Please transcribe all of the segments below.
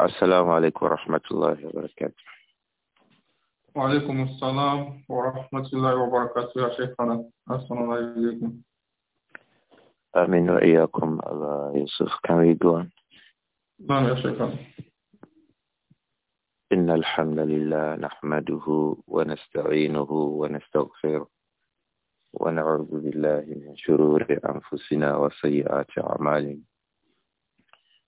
السلام عليكم ورحمة الله وبركاته وعليكم السلام ورحمة الله وبركاته يا شيخنا أحسن الله إليكم آمين وإياكم الله يوسف كم يدوان نعم يا شيخنا إن الحمد لله نحمده ونستعينه ونستغفره ونعوذ بالله من شرور أنفسنا وسيئات أعمالنا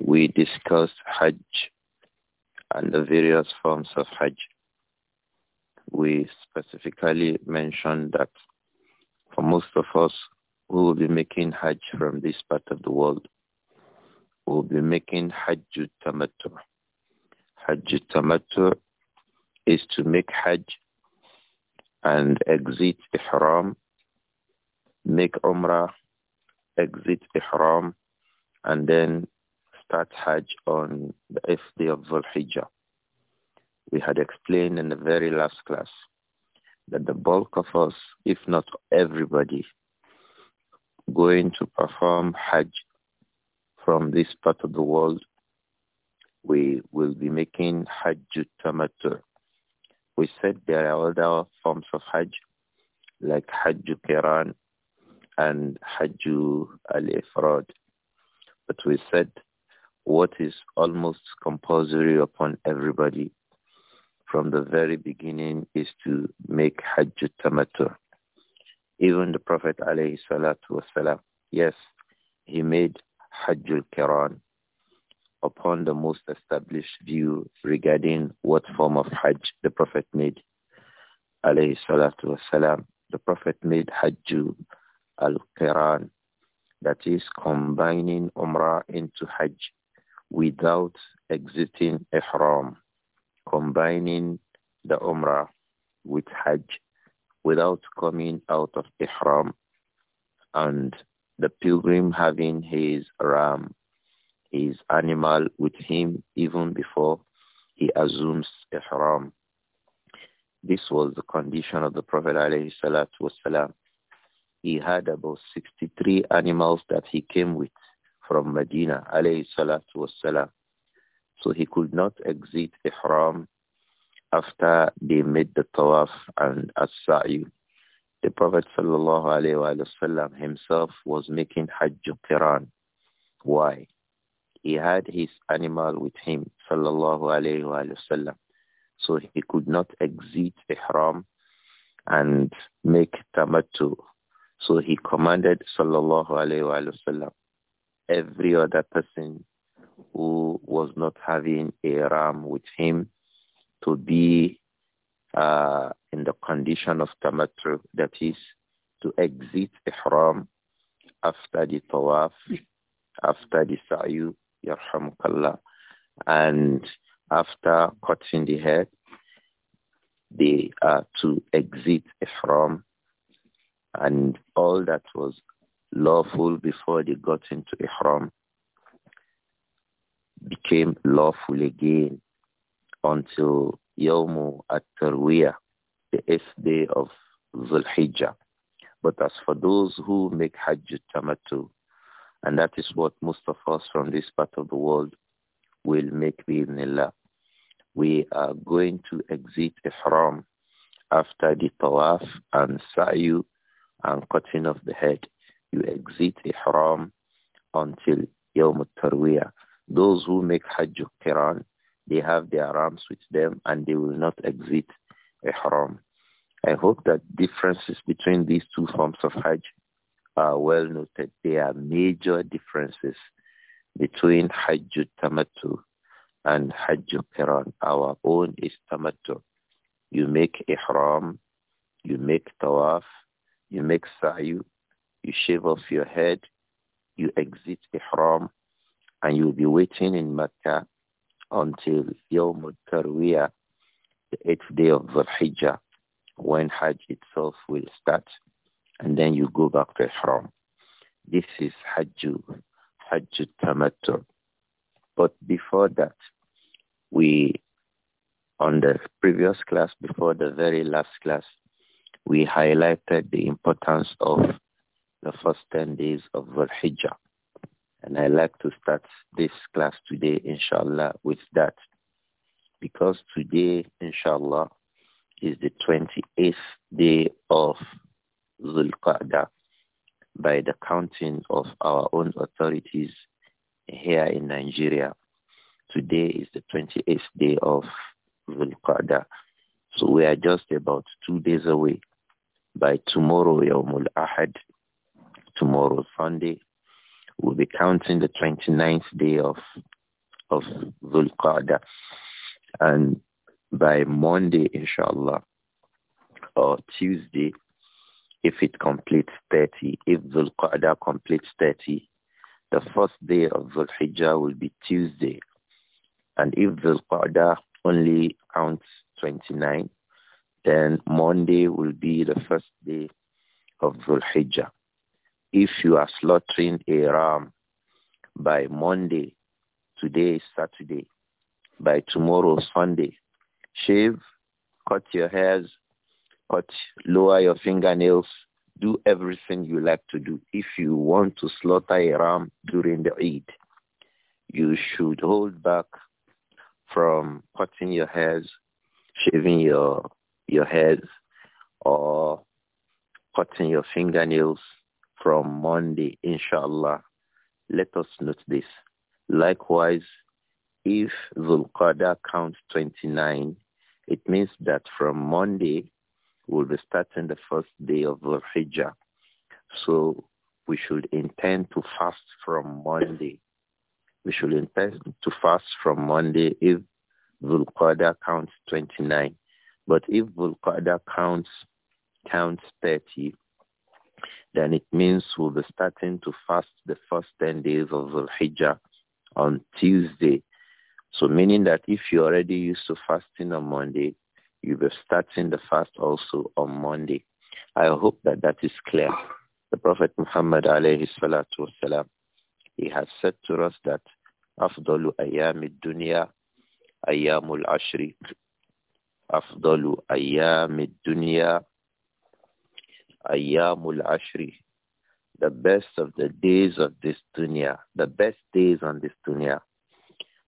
we discussed Hajj and the various forms of Hajj. We specifically mentioned that for most of us who will be making Hajj from this part of the world, we will be making Hajj Tamattu. Hajj Tamattu is to make Hajj and exit Ihram, make Umrah, exit Ihram, and then start Hajj on the eighth day of Dhul-Hijjah. We had explained in the very last class that the bulk of us, if not everybody, going to perform Hajj from this part of the world, we will be making Hajj Tamattu. We said there are other forms of Hajj, like Hajj Kiran and Hajj Al-Ifrad. But we said what is almost compulsory upon everybody from the very beginning is to make Hajj Tamattu. Even the Prophet alayhi salatu wasalam, yes, he made Hajj al-Kiran upon the most established view regarding what form of Hajj the Prophet made alayhi salatu wasalam. The Prophet made Hajj al-Kiran, that is combining Umrah into Hajj without exiting ihram, combining the umrah with hajj without coming out of ihram and the pilgrim having his ram, his animal with him even before he assumes ihram. This was the condition of the Prophet alayhi He had about 63 animals that he came with from Medina, alayhi salatu wasalam. So he could not exit Ihram after they made the tawaf and as-sa'i. The Prophet sallallahu alayhi wasallam wa himself was making Hajj Qiran. Why? He had his animal with him, sallallahu alayhi wasallam. Wa so he could not exit Ihram and make tamattu. So he commanded, sallallahu alayhi wasallam, wa every other person who was not having a ram with him to be uh, in the condition of tamattu, that is, to exit ihram after the tawaf, after the sa'yu, yarhamukallah, and after cutting the head, they are to exit ihram and all that was lawful before they got into Ihram became lawful again until Yawmu at-Tarwiyah, the eighth day of Zulhijjah. But as for those who make Hajj Tamatu, and that is what most of us from this part of the world will make bi'idhnillah, we are going to exit Ihram after the Tawaf and Sa'yu and cutting of the head you exit Ihram until Yawm tarwiyah Those who make Hajj Qiran, they have their arms with them and they will not exit Ihram. I hope that differences between these two forms of Hajj are well noted. There are major differences between Hajj Tamattu and Hajj Qiran. Our own is Tamattu. You make Ihram, you make Tawaf, you make Sa'i, you shave off your head, you exit Ihram, and you'll be waiting in Mecca until Yawm al-Tarwiyah, the eighth day of Dhul-Hijjah, when Hajj itself will start, and then you go back to Ihram. This is Hajj, Hajj Tamattu. But before that, we, on the previous class, before the very last class, we highlighted the importance of the first 10 days of Dhul Hijjah. And I like to start this class today, inshallah, with that. Because today, inshallah, is the 28th day of Dhul Qa'dah by the counting of our own authorities here in Nigeria. Today is the 28th day of Dhul Qa'dah. So we are just about two days away. By tomorrow, Yawmul Ahad, tomorrow, Sunday, we'll be counting the 29th day of of Zulqada, And by Monday, inshallah, or Tuesday, if it completes 30, if Zulqada completes 30, the first day of Zulhijjah will be Tuesday. And if Zulqada only counts 29, then Monday will be the first day of Zulhijjah. If you are slaughtering a ram by Monday, today is Saturday, by tomorrow Sunday, shave, cut your hairs, cut, lower your fingernails, do everything you like to do. If you want to slaughter a ram during the Eid, you should hold back from cutting your hairs, shaving your your heads, or cutting your fingernails, from Monday, inshallah. Let us note this. Likewise, if Zulqada counts 29, it means that from Monday, we'll be starting the first day of Dhul Hijjah. So we should intend to fast from Monday. We should intend to fast from Monday if Zulqada counts 29. But if Zulqada counts, counts 30, then it means we'll be starting to fast the first 10 days of the on Tuesday. So meaning that if you're already used to fasting on Monday, you'll be starting the fast also on Monday. I hope that that is clear. The Prophet Muhammad alayhi salatu wasalam, he has said to us that أفضل أيام الدنيا أيام العشر أفضل أيام الدنيا Ayyamul Ashri, the best of the days of this dunya, the best days on this dunya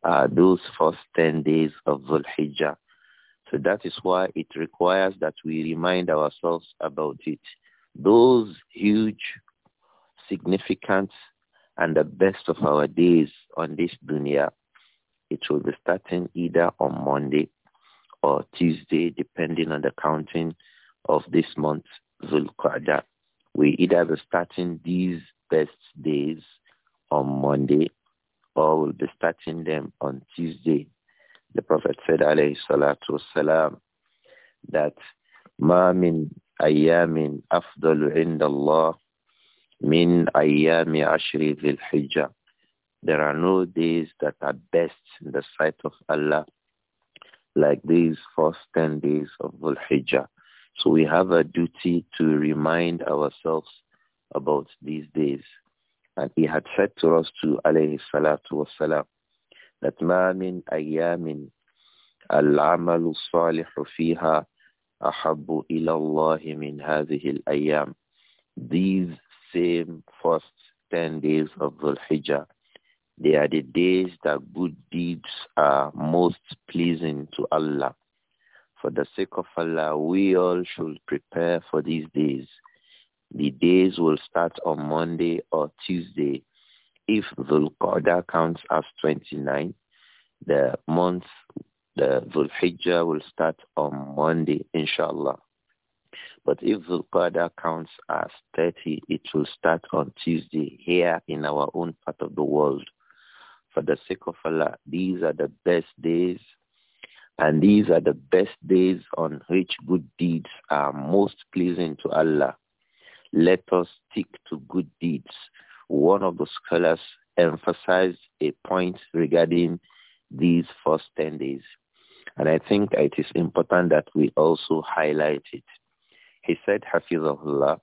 are those first 10 days of Dhul Hijjah. So that is why it requires that we remind ourselves about it. Those huge, significant, and the best of our days on this dunya, it will be starting either on Monday or Tuesday, depending on the counting of this month Zulqa'dah. We either be starting these best days on Monday or we'll be starting them on Tuesday. The Prophet said, alayhi salatu wasalam, that ما min أيام أفضل عند min من ashri عشر There are no days that are best in the sight of Allah like these first 10 days of Dhul Hijjah. So we have a duty to remind ourselves about these days. And he had said to us to alayhi salatu wasalam, that ma min ayamin al-amalu salihu fiha ahabbu ila Allah min hadhihi al-ayam. These same first 10 days of Dhul Hijjah, they are the days that good deeds are most pleasing to Allah. For the sake of Allah, we all should prepare for these days. The days will start on Monday or Tuesday. If dhul qada counts as 29, the month, the Dhul-Hijjah will start on Monday, inshallah. But if Dhul-Qa'da counts as 30, it will start on Tuesday here in our own part of the world. For the sake of Allah, these are the best days and these are the best days on which good deeds are most pleasing to Allah. Let us stick to good deeds. One of the scholars emphasized a point regarding these first 10 days. And I think it is important that we also highlight it. He said, Hafizahullah,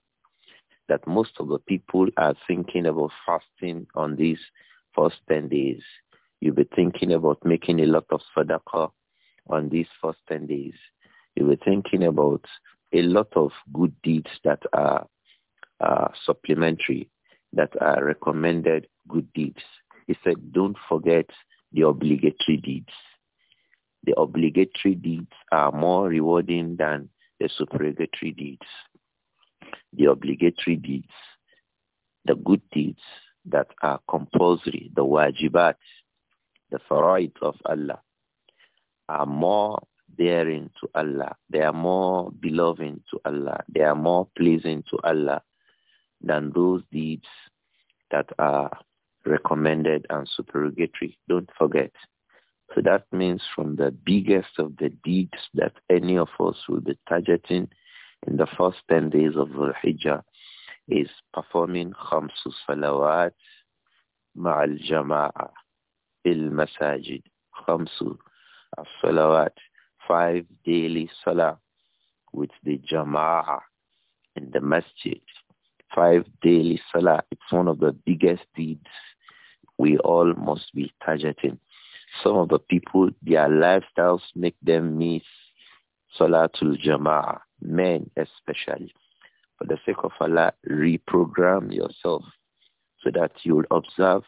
that most of the people are thinking about fasting on these first 10 days. You'll be thinking about making a lot of sadaqah on these first 10 days, you were thinking about a lot of good deeds that are uh, supplementary, that are recommended good deeds. He said, don't forget the obligatory deeds. The obligatory deeds are more rewarding than the supererogatory deeds. The obligatory deeds, the good deeds that are compulsory, the wajibat, the faraid of Allah, are more daring to Allah. They are more beloved to Allah. They are more pleasing to Allah than those deeds that are recommended and supererogatory. Don't forget. So that means from the biggest of the deeds that any of us will be targeting in the first 10 days of Dhul Hijjah is performing khamsu salawat ma'al jama'a il masajid. Khamsu a salawat, five daily salah with the jama'ah in the masjid. Five daily salah, it's one of the biggest deeds we all must be targeting. Some of the people, their lifestyles make them miss Salatul Jama'ah, men especially. For the sake of Allah, reprogram yourself so that you'll observe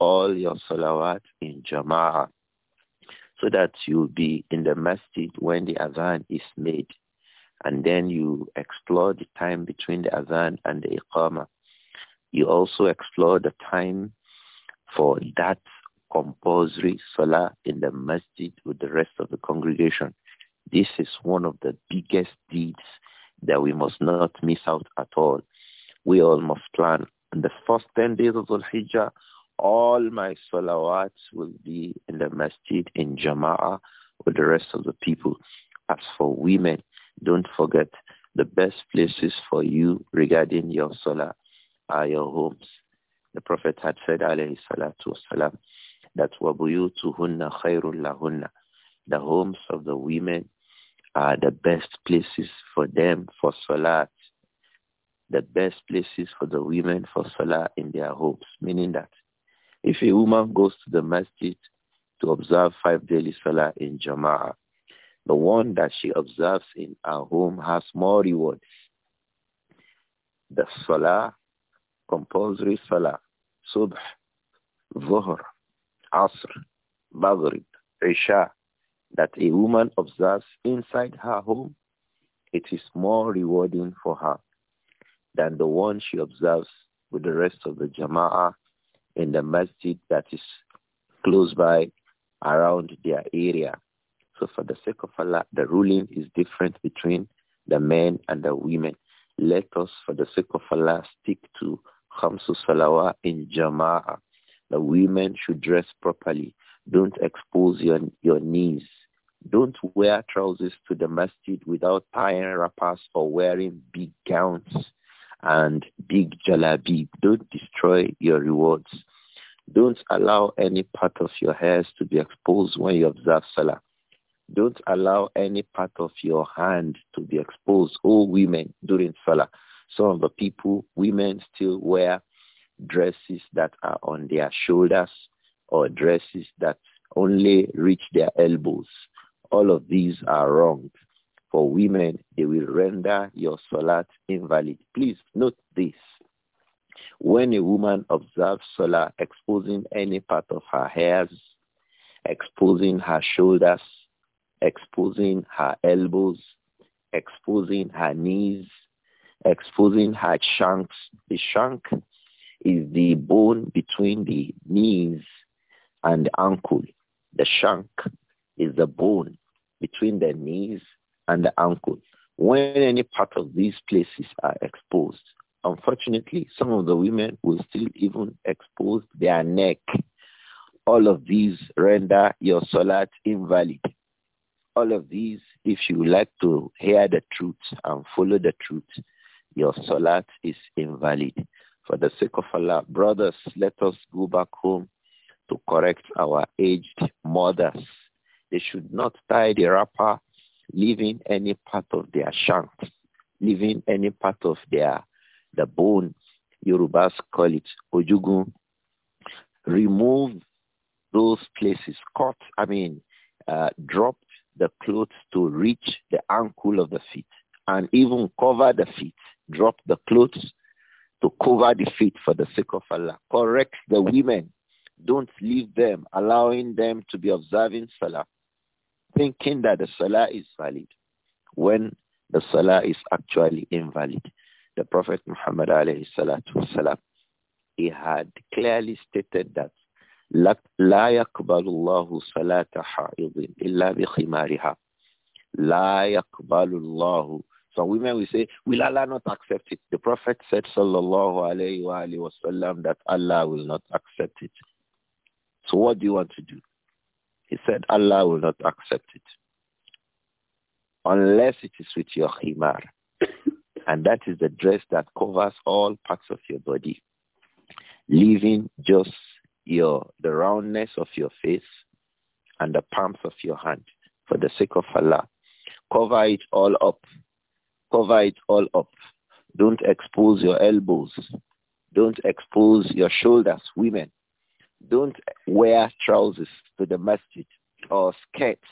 all your salawat in Jama'ah so that you'll be in the masjid when the azan is made. And then you explore the time between the azan and the iqama. You also explore the time for that compulsory salah in the masjid with the rest of the congregation. This is one of the biggest deeds that we must not miss out at all. We all must plan. And the first 10 days of Dhul-Hijjah all my salawats will be in the masjid in jama'ah with the rest of the people. As for women, don't forget the best places for you regarding your salah are your homes. The Prophet had said, alayhi salatu wasalam, that wabuyutuhunna khairul lahunna. The homes of the women are the best places for them for salah the best places for the women for salah in their homes, meaning that if a woman goes to the masjid to observe five daily salah in jama'ah, the one that she observes in her home has more rewards. The salah, compulsory salah, subh, dhuhr, asr, maghrib, isha, that a woman observes inside her home, it is more rewarding for her than the one she observes with the rest of the jama'ah in the masjid that is close by around their area. So for the sake of Allah, the ruling is different between the men and the women. Let us, for the sake of Allah, stick to Khamsu Salawa in Jama'ah. The women should dress properly. Don't expose your, your knees. Don't wear trousers to the masjid without tying wrappers or wearing big gowns and big jalabi. Don't destroy your rewards. Don't allow any part of your hairs to be exposed when you observe Salah. Don't allow any part of your hand to be exposed. All oh, women, during Salah. Some of the people, women still wear dresses that are on their shoulders or dresses that only reach their elbows. All of these are wrong for women, they will render your salat invalid. Please note this. When a woman observes salah exposing any part of her hairs, exposing her shoulders, exposing her elbows, exposing her knees, exposing her shanks. The shank is the bone between the knees and the ankle. The shank is the bone between the knees and the ankle. When any part of these places are exposed, unfortunately, some of the women will still even expose their neck. All of these render your salat invalid. All of these, if you like to hear the truth and follow the truth, your salat is invalid. For the sake of Allah, brothers, let us go back home to correct our aged mothers. They should not tie the wrapper leaving any part of their shank, leaving any part of their the bone. Yorubas call it ojugun. Remove those places, cut, I mean, uh, drop the clothes to reach the ankle of the feet and even cover the feet. Drop the clothes to cover the feet for the sake of Allah. Correct the women. Don't leave them, allowing them to be observing Salah thinking that the salah is valid when the salah is actually invalid. The Prophet Muhammad alayhi salatu wasalam, he had clearly stated that لا يقبل الله صلاة حائض إلا بخمارها لا يقبل الله Some women will say, will Allah not accept it? The Prophet said, sallallahu الله عليه alayhi wa sallam, that Allah will not accept it. So what do you want to do? He said, Allah will not accept it unless it is with your khimar. and that is the dress that covers all parts of your body, leaving just your the roundness of your face and the palms of your hand for the sake of Allah. Cover it all up. Cover it all up. Don't expose your elbows. Don't expose your shoulders, women. Don't wear trousers to the masjid or skirts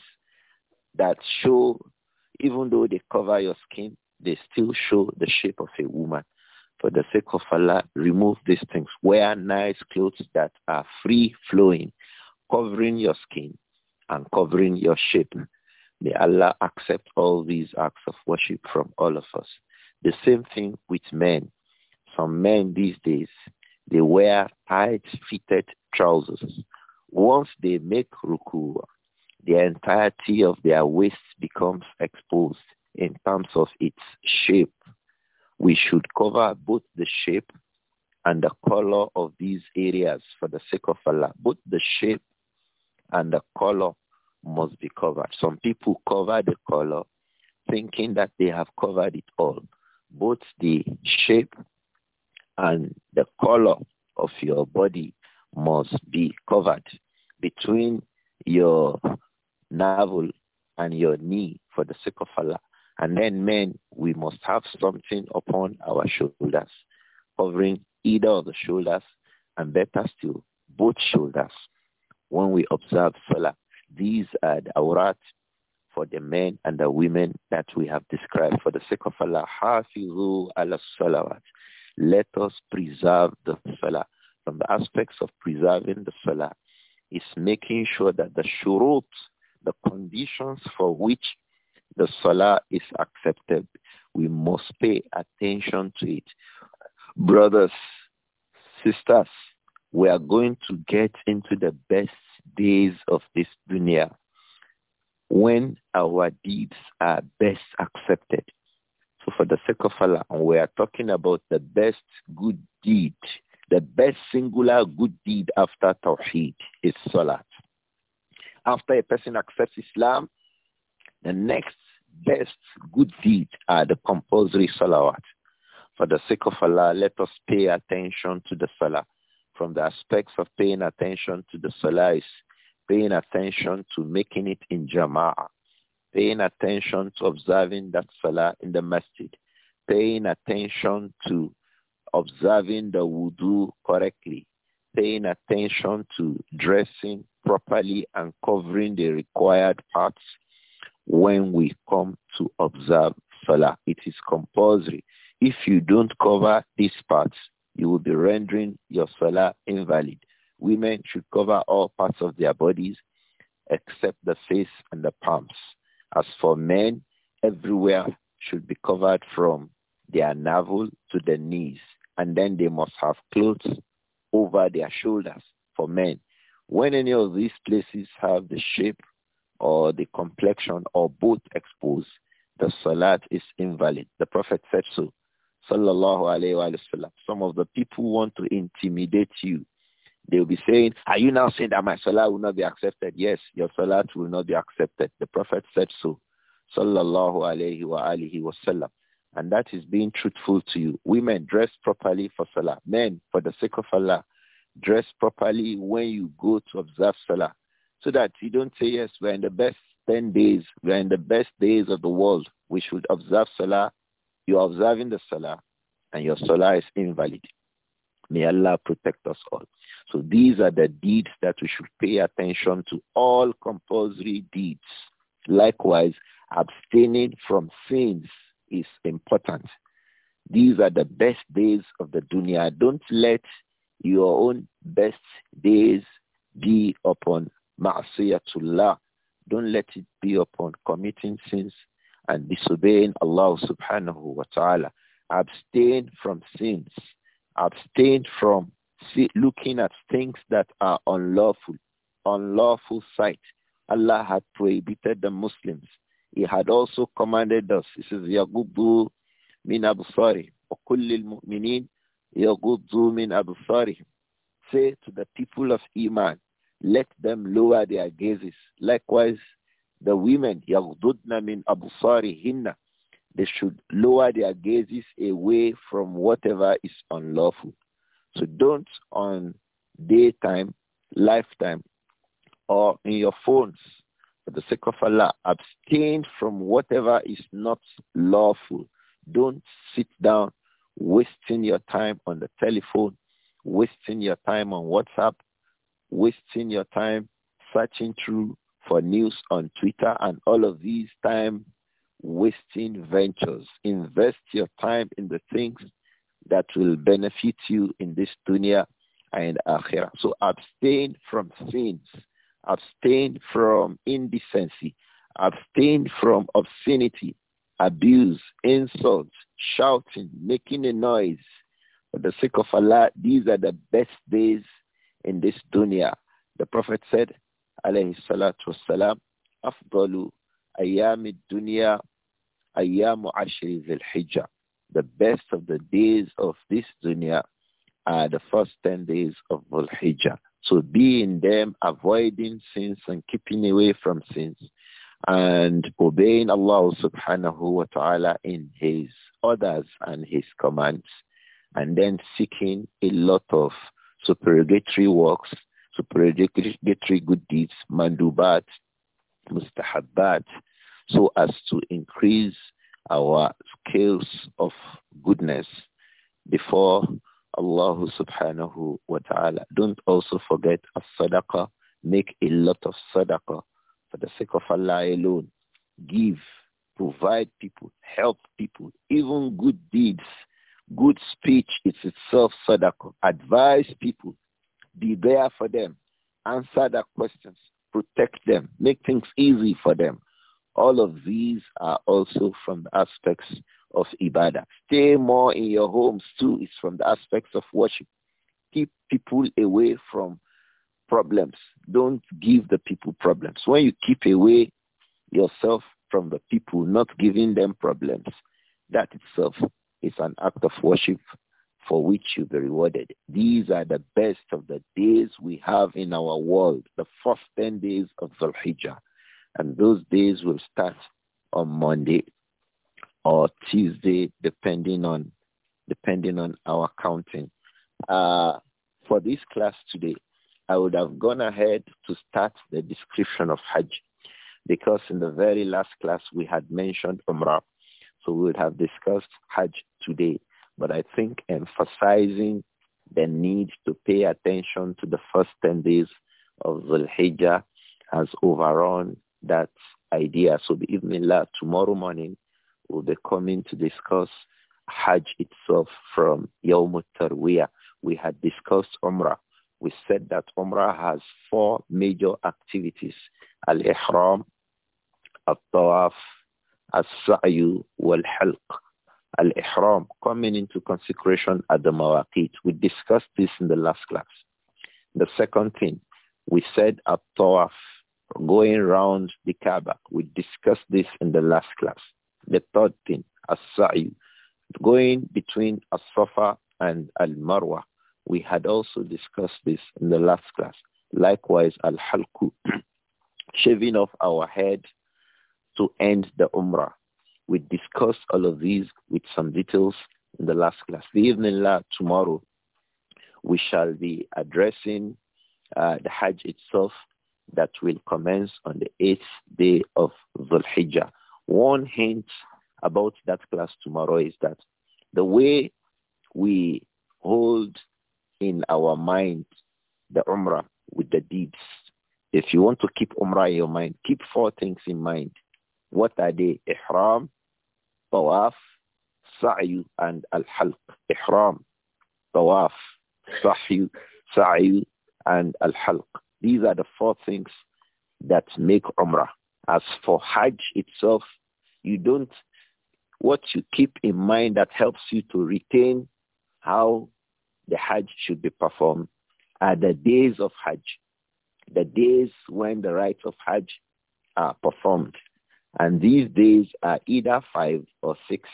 that show, even though they cover your skin, they still show the shape of a woman. For the sake of Allah, remove these things. Wear nice clothes that are free-flowing, covering your skin and covering your shape. May Allah accept all these acts of worship from all of us. The same thing with men. Some men these days, they wear tight-fitted trousers. Once they make ruku, the entirety of their waist becomes exposed in terms of its shape. We should cover both the shape and the color of these areas for the sake of Allah. Both the shape and the color must be covered. Some people cover the color thinking that they have covered it all. Both the shape and the color of your body must be covered between your navel and your knee for the sake of Allah. And then men, we must have something upon our shoulders, covering either of the shoulders and better still, both shoulders. When we observe Salah, these are the awrat for the men and the women that we have described. For the sake of Allah, hafizu ala salawat. Let us preserve the Salah from the aspects of preserving the salah is making sure that the shurut, the conditions for which the salah is accepted, we must pay attention to it. Brothers, sisters, we are going to get into the best days of this dunya when our deeds are best accepted. So for the sake of Allah, and we are talking about the best good deed the best singular good deed after Tawheed is Salat. After a person accepts Islam, the next best good deed are the compulsory Salawat. For the sake of Allah, let us pay attention to the Salah. From the aspects of paying attention to the Salah is paying attention to making it in Jama'ah, paying attention to observing that Salah in the Masjid, paying attention to observing the wudu correctly, paying attention to dressing properly and covering the required parts when we come to observe Salah. It is compulsory. If you don't cover these parts, you will be rendering your Salah invalid. Women should cover all parts of their bodies except the face and the palms. As for men, everywhere should be covered from their navel to the knees. And then they must have clothes over their shoulders for men. When any of these places have the shape or the complexion or both exposed, the salat is invalid. The Prophet said so. Sallallahu alayhi wa, Some of the people want to intimidate you. They'll be saying, are you now saying that my salah will not be accepted? Yes, your salat will not be accepted. The Prophet said so. Sallallahu alayhi wa alihi wa sallam. And that is being truthful to you. Women, dress properly for Salah. Men, for the sake of Allah, dress properly when you go to observe Salah. So that you don't say, yes, we're in the best 10 days. We're in the best days of the world. We should observe Salah. You're observing the Salah and your Salah is invalid. May Allah protect us all. So these are the deeds that we should pay attention to, all compulsory deeds. Likewise, abstaining from sins is important. These are the best days of the dunya. Don't let your own best days be upon ma'asiyatullah. Don't let it be upon committing sins and disobeying Allah subhanahu wa ta'ala. Abstain from sins. Abstain from looking at things that are unlawful, unlawful sight. Allah had prohibited the Muslims he had also commanded us. He says, يَغُضُّ مِنْ أَبْصَارِهِمْ وَكُلِّ الْمُؤْمِنِينَ يَغُضُّ min أَبْصَارِهِمْ Say to the people of Iman, let them lower their gazes. Likewise, the women, يَغْضُدْنَ مِنْ أَبْصَارِهِنَّ They should lower their gazes away from whatever is unlawful. So don't on daytime, lifetime, or in your phones for the sake of Allah, abstain from whatever is not lawful. Don't sit down wasting your time on the telephone, wasting your time on WhatsApp, wasting your time searching through for news on Twitter and all of these time wasting ventures. Invest your time in the things that will benefit you in this dunya and akhirah. So abstain from sins abstain from indecency, abstain from obscenity, abuse, insults, shouting, making a noise. For the sake of Allah, these are the best days in this dunya. The Prophet said, alayhi salatu wasalam, afdalu ayami dunya ayamu ashri hijjah. The best of the days of this dunya are the first 10 days of Dhul Hijjah. So be in them, avoiding sins and keeping away from sins and obeying Allah subhanahu wa ta'ala in his orders and his commands and then seeking a lot of supererogatory works, supererogatory good deeds, mandubat, mustahabbat, so as to increase our scales of goodness before Allah subhanahu wa ta'ala. Don't also forget a sadaqah. Make a lot of sadaqah for the sake of Allah alone. Give, provide people, help people, even good deeds. Good speech is itself sadaqah. Advise people. Be there for them. Answer their questions. Protect them. Make things easy for them. All of these are also from the aspects of ibadah. Stay more in your homes too is from the aspects of worship. Keep people away from problems. Don't give the people problems. When you keep away yourself from the people, not giving them problems, that itself is an act of worship for which you'll be rewarded. These are the best of the days we have in our world, the first 10 days of Dhul Hijjah. And those days will start on Monday or Tuesday, depending on depending on our counting. Uh, for this class today, I would have gone ahead to start the description of Hajj because in the very last class we had mentioned Umrah. So we would have discussed Hajj today. But I think emphasizing the need to pay attention to the first 10 days of the Hajj has overrun that idea. So the evening, tomorrow morning, We'll be coming to discuss Hajj itself from Yom Tarwiyah. We had discussed Umrah. We said that Umrah has four major activities. Al-Ihram, Al-Tawaf, Al-Sa'yu, Wal-Halq. Al-Ihram, coming into consecration at the Mawaqit. We discussed this in the last class. The second thing, we said Al-Tawaf, going round the Kaaba. We discussed this in the last class. The third thing, as-sa'i, going between as-safa and al-marwa. We had also discussed this in the last class. Likewise, al-halku, shaving off our head to end the umrah. We discussed all of these with some details in the last class. Evening, tomorrow we shall be addressing uh, the Hajj itself that will commence on the eighth day of Dhul Hijjah. One hint about that class tomorrow is that the way we hold in our mind the Umrah with the deeds. If you want to keep Umrah in your mind, keep four things in mind. What are they? Ihram, Tawaf, Sa'yu, and Al-Halq. Ihram, Tawaf, Sa'yu, Sa'yu, and Al-Halq. These are the four things that make Umrah. As for Hajj itself, you don't, what you keep in mind that helps you to retain how the Hajj should be performed are the days of Hajj, the days when the rites of Hajj are performed. And these days are either five or six.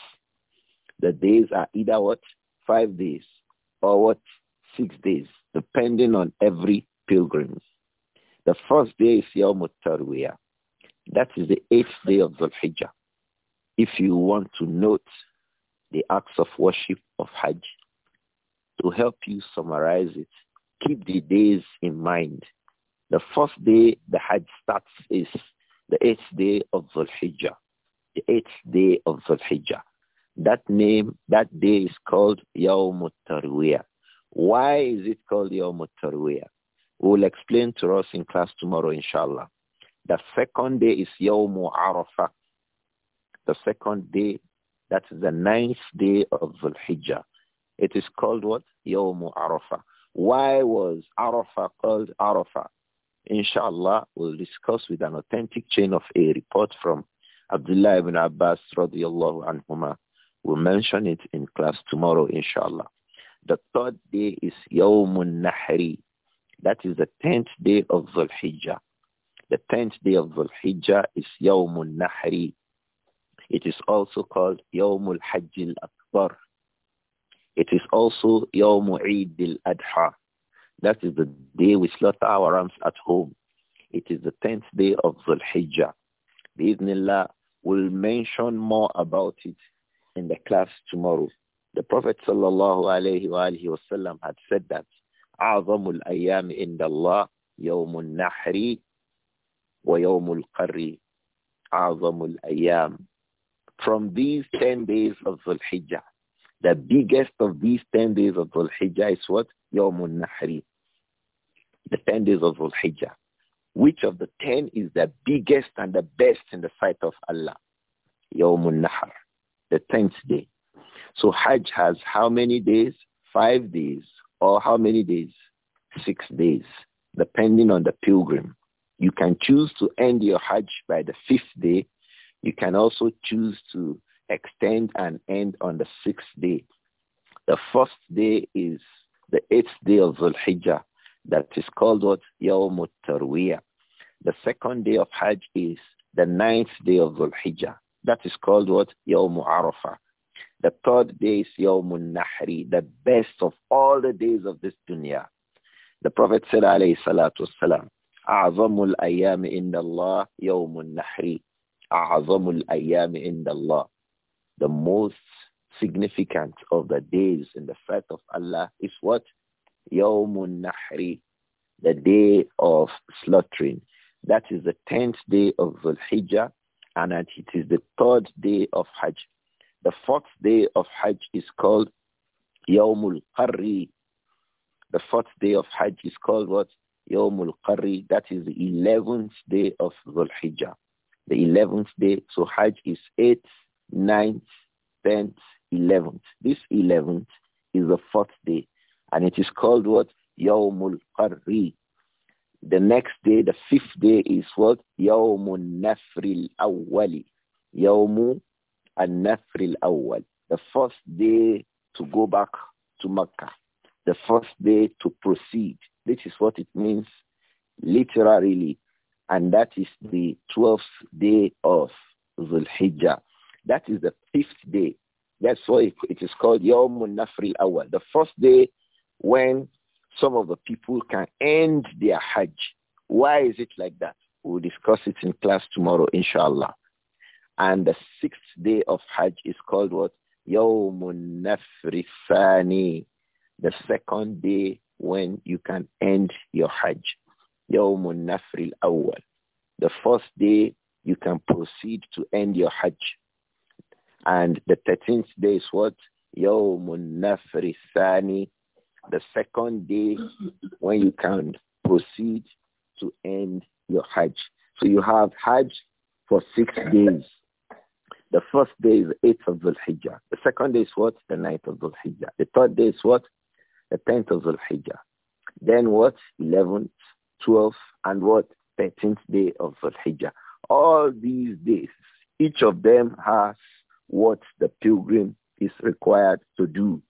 The days are either what? Five days or what? Six days, depending on every pilgrim. The first day is Yom Tarwiyah. That is the eighth day of Dhul Hijjah. If you want to note the acts of worship of Hajj, to help you summarize it, keep the days in mind. The first day the Hajj starts is the eighth day of Dhul Hijjah. The eighth day of Dhul Hijjah. That name, that day is called Yawm Tarwiyah. Why is it called Yawm Tarwiyah? We'll explain to us in class tomorrow, inshallah. The second day is Yom Arafah. The second day, that's the ninth day of Dhul Hijjah. It is called what? Yom Arafah. Why was Arafah called Arafah? Inshallah, we'll discuss with an authentic chain of a report from Abdullah ibn Abbas radiallahu anhuma. We'll mention it in class tomorrow, inshallah. The third day is Yawmun Nahri. That is the tenth day of Zulhijjah. The tenth day of Dhul Hijjah is Yawmul Nahri. It is also called Yawmul Hajj Akbar. It is also Yawmul Eid al-Adha. That is the day we slaughter our rams at home. It is the tenth day of Dhul Hijjah. Bismillah will mention more about it in the class tomorrow. The Prophet sallallahu alayhi wa alayhi wa sallam had said that أعظم الأيام عند الله يوم النحر وَيَوْمُ الْقَرِّ أَعْظَمُ الْأَيَّامِ From these 10 days of Dhul-Hijjah, the biggest of these 10 days of Dhul-Hijjah is what? يَوْمُ النَّحْرِ The 10 days of Dhul-Hijjah. Which of the 10 is the biggest and the best in the sight of Allah? يَوْمُ النَّحْرِ The 10th day. So Hajj has how many days? Five days. Or how many days? Six days, depending on the pilgrim. You can choose to end your Hajj by the fifth day. You can also choose to extend and end on the sixth day. The first day is the eighth day of Dhul that is called what? Yawm Tarwiyah. The second day of Hajj is the ninth day of Dhul That is called what? Yawm Arafah. The third day is Yawm Nahri, the best of all the days of this dunya. The Prophet said, alayhi salatu wasalam, أعظم الأيام عند الله يوم النحر أعظم الأيام عند الله The most significant of the days in the sight of Allah is what? يوم النحر The day of slaughtering. That is the tenth day of Zulhijjah and it is the third day of Hajj. The fourth day of Hajj is called يوم Qarri. The fourth day of Hajj is called what? Yawmul Qarri, that is the 11th day of Dhul Hijjah. The 11th day, so Hajj is 8th, 9th, 10th, 11th. This 11th is the fourth day, and it is called what? Yawmul Qarri. The next day, the fifth day is what? Yawmun Nafril Awwali. Yawmu An-Nafril Awwal. The first day to go back to Makkah the first day to proceed. This is what it means literally. And that is the 12th day of Zulhijjah. That is the fifth day. That's why it is called Yom Nafri Awal, the first day when some of the people can end their Hajj. Why is it like that? We'll discuss it in class tomorrow, inshallah. And the sixth day of Hajj is called what? Yawmun Nafri Sani the second day when you can end your Hajj, Yawmun Nafril Awwal. The first day you can proceed to end your Hajj. And the 13th day is what? Yawmun Nafri Sani. The second day when you can proceed to end your Hajj. So you have Hajj for six days. The first day is the 8th of Dhul Hijjah. The second day is what? The 9th of Dhul Hijjah. The third day is what? the 10th of Zulhijjah. Then what? 11th, 12th, and what? 13th day of Zulhijjah. All these days, each of them has what the pilgrim is required to do.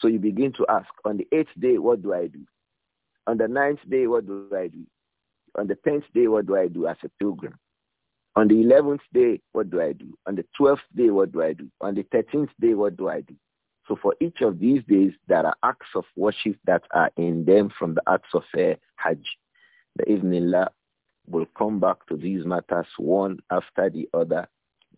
So you begin to ask, on the eighth day, what do I do? On the ninth day, what do I do? On the tenth day, what do I do as a pilgrim? On the eleventh day, what do I do? On the twelfth day, what do I do? On the thirteenth day, what do I do? So for each of these days, there are acts of worship that are in them from the acts of uh, Hajj. The evening will come back to these matters one after the other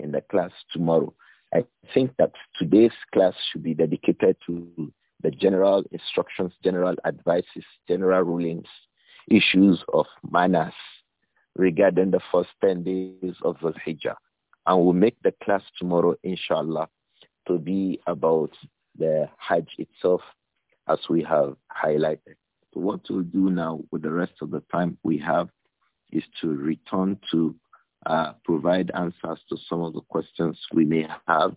in the class tomorrow. I think that today's class should be dedicated to the general instructions, general advices, general rulings, issues of manners regarding the first 10 days of the Hijjah. And we'll make the class tomorrow, inshallah, to be about the Hajj itself, as we have highlighted. So what we'll do now with the rest of the time we have is to return to uh, provide answers to some of the questions we may have,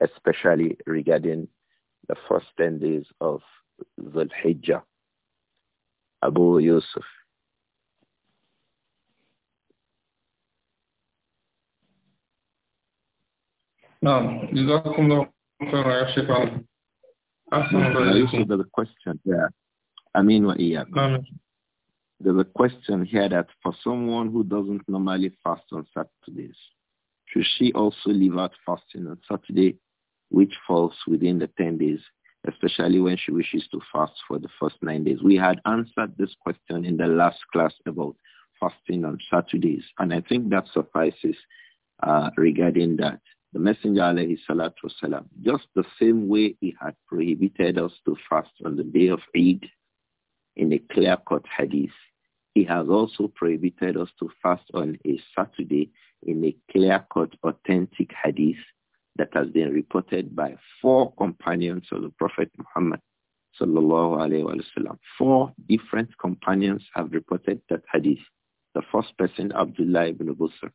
especially regarding the first 10 days of Dhul Hijjah. Abu Yusuf. نعم جزاكم الله خيرا يا شيخ there's a question there. I mean, yeah. There's a question here that for someone who doesn't normally fast on Saturdays, should she also leave out fasting on Saturday, which falls within the 10 days, especially when she wishes to fast for the first nine days? We had answered this question in the last class about fasting on Saturdays, and I think that suffices uh, regarding that. The Messenger alayhi salatu wasalam, just the same way he had prohibited us to fast on the day of Eid in a clear-cut hadith, he has also prohibited us to fast on a Saturday in a clear-cut authentic hadith that has been reported by four companions of the Prophet Muhammad sallallahu alayhi wa sallam. Four different companions have reported that hadith. The first person, Abdullah ibn Busr.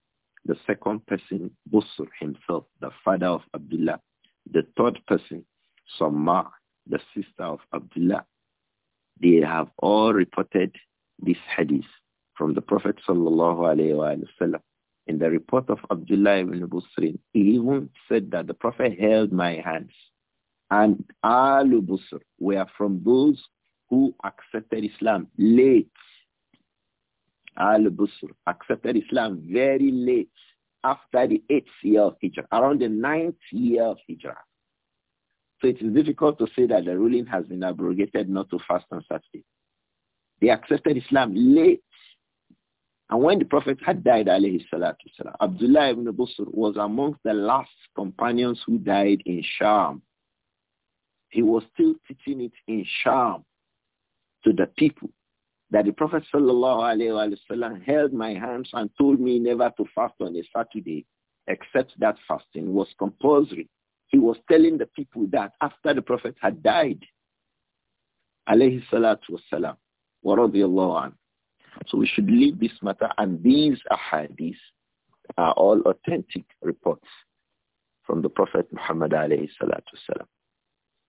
The second person, Busr himself, the father of Abdullah. The third person, Samma, the sister of Abdullah. They have all reported this hadith from the Prophet sallallahu In the report of Abdullah ibn Busrin, he even said that the Prophet held my hands. And Al Busr were from those who accepted Islam late al-Busr accepted Islam very late after the eighth year of Hijrah, around the ninth year of Hijrah. So it is difficult to say that the ruling has been abrogated not to fast on Saturday. They accepted Islam late. And when the Prophet had died, alayhi salatu salam, Abdullah ibn Busr was amongst the last companions who died in Sham. He was still teaching it in Sham to the people that the Prophet wasallam held my hands and told me never to fast on a Saturday, except that fasting was compulsory. He was telling the people that after the Prophet had died, alayhi salatu wasalam, wa So we should leave this matter and these ahadith are all authentic reports from the Prophet Muhammad alayhi salatu wasalam.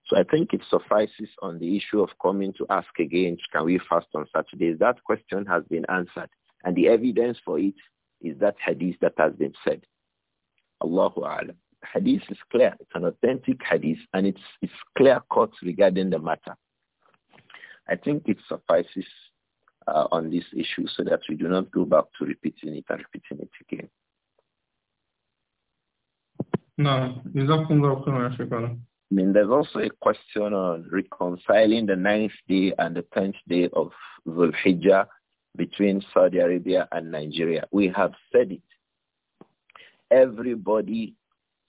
So I think it suffices on the issue of coming to ask again, can we fast on Saturdays? That question has been answered. And the evidence for it is that hadith that has been said. Allahu Alam. Hadith is clear. It's an authentic hadith and it's, it's clear cut regarding the matter. I think it suffices uh, on this issue so that we do not go back to repeating it and repeating it again. No, I mean, there's also a question on reconciling the ninth day and the tenth day of Dhul between Saudi Arabia and Nigeria. We have said it. Everybody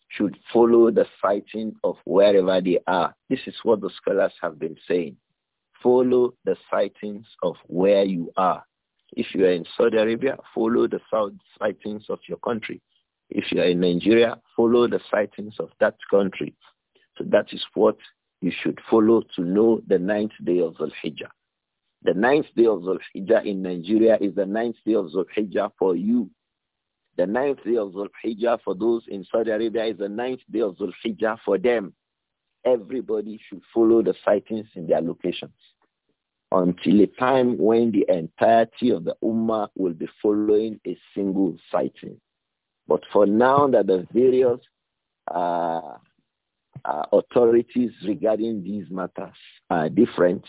should follow the sighting of wherever they are. This is what the scholars have been saying. Follow the sightings of where you are. If you are in Saudi Arabia, follow the sightings of your country. If you are in Nigeria, follow the sightings of that country that is what you should follow to know the ninth day of Zulhijjah. The ninth day of Zulhijjah in Nigeria is the ninth day of Zulhijjah for you. The ninth day of Zulhijjah for those in Saudi Arabia is the ninth day of Zulhijjah for them. Everybody should follow the sightings in their locations until a time when the entirety of the Ummah will be following a single sighting. But for now that the various uh, uh, authorities regarding these matters are different,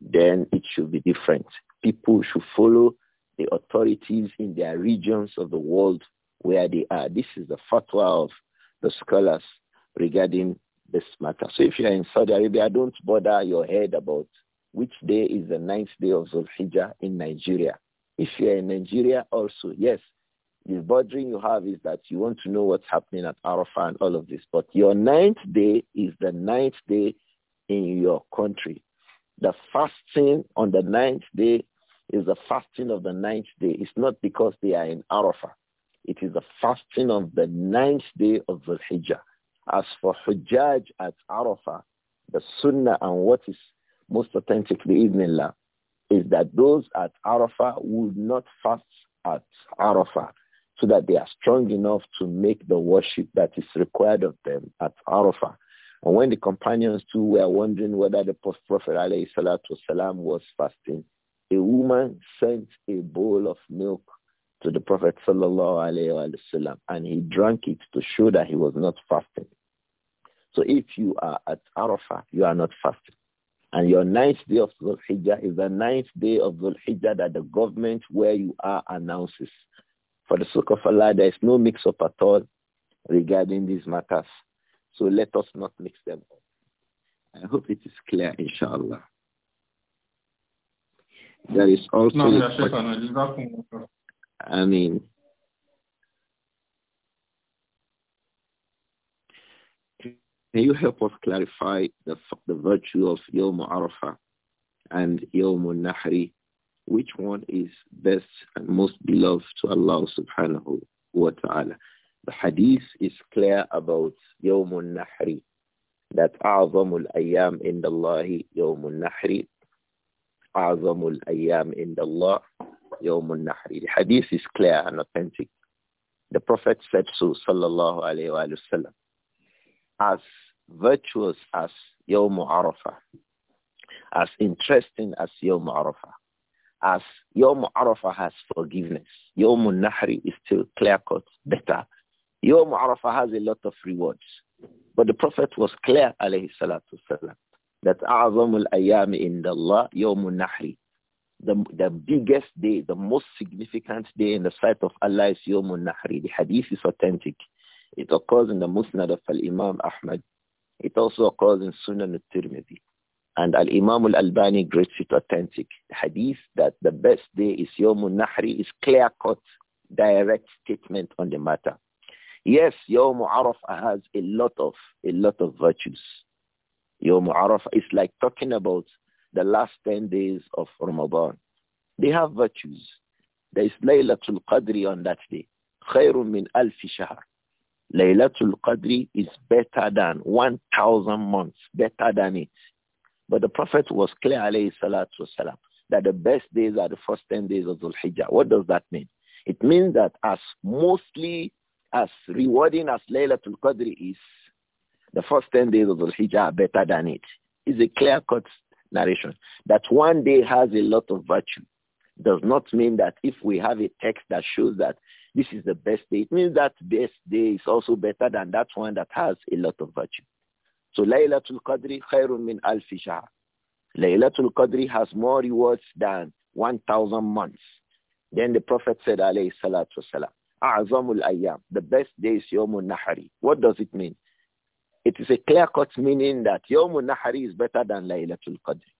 then it should be different. People should follow the authorities in their regions of the world where they are. This is the fatwa of the scholars regarding this matter. So if you're in Saudi Arabia, don't bother your head about which day is the ninth day of Zulhijjah in Nigeria. If you're in Nigeria also, yes, the bothering you have is that you want to know what's happening at Arafah and all of this. But your ninth day is the ninth day in your country. The fasting on the ninth day is the fasting of the ninth day. It's not because they are in Arafah. It is the fasting of the ninth day of the Hijjah. As for Hujjaj at Arafah, the Sunnah and what is most authentic, the evening law is that those at Arafah would not fast at Arafah so that they are strong enough to make the worship that is required of them at Arafah. And when the companions too were wondering whether the Prophet والسلام, was fasting, a woman sent a bowl of milk to the Prophet وسلم, and he drank it to show that he was not fasting. So if you are at Arafah, you are not fasting. And your ninth day of Dhul Hijjah is the ninth day of Dhul Hijjah that the government where you are announces for the sake of Allah, there is no mix-up at all regarding these matters. So let us not mix them up. I hope it is clear, inshallah. There is also... No, I mean... Can you help us clarify the, the virtue of Yawm Arafah and Yawm Nahri which one is best and most beloved to Allah subhanahu wa ta'ala. The hadith is clear about Yawmun Nahri, that A'zamul Ayyam indallahi Yawmun Nahri, A'zamul Ayyam indallah Yawmun Nahri. The hadith is clear and authentic. The Prophet said so, sallallahu alayhi wa sallam, as virtuous as Yawm Arafah, as interesting as Yawm Arafah, as Yom Arafah has forgiveness. Yom Nahri is still clear-cut, better. Yom Arafah has a lot of rewards. But the Prophet was clear, alayhi salatu salam, that A'azamul Ayam in Allah, Yom Nahri. The, the biggest day, the most significant day in the sight of Allah is Yom Nahri. The hadith is authentic. It occurs in the Musnad of Al-Imam Ahmad. It also occurs in Sunan al-Tirmidhi. And Al-Imam Al-Albani grades it authentic. Hadith that the best day is Yawmun Nahri is clear-cut, direct statement on the matter. Yes, Yawm Arafah has a lot of, a lot of virtues. Yawm Arafah is like talking about the last 10 days of Ramadan. They have virtues. There is Laylatul Qadri on that day. Khairun min alfi shahr. Laylatul Qadri is better than 1,000 months, better than it. But the Prophet was clear, alayhi salatu wasalam, that the best days are the first 10 days of Dhul Hijjah. What does that mean? It means that as mostly as rewarding as Laylatul Qadr is, the first 10 days of Dhul Hijjah are better than it. It's a clear-cut narration. That one day has a lot of virtue does not mean that if we have a text that shows that this is the best day, it means that this day is also better than that one that has a lot of virtue. So Laylatul Qadri khairun min alfi shahr. Laylatul Qadri has more rewards than 1,000 months. Then the Prophet said, alayhi salatu wasalam, A'zamul ayyam, the best day is Yomul Nahari. What does it mean? It is a clear-cut meaning that Yomul Nahari is better than Laylatul Qadri.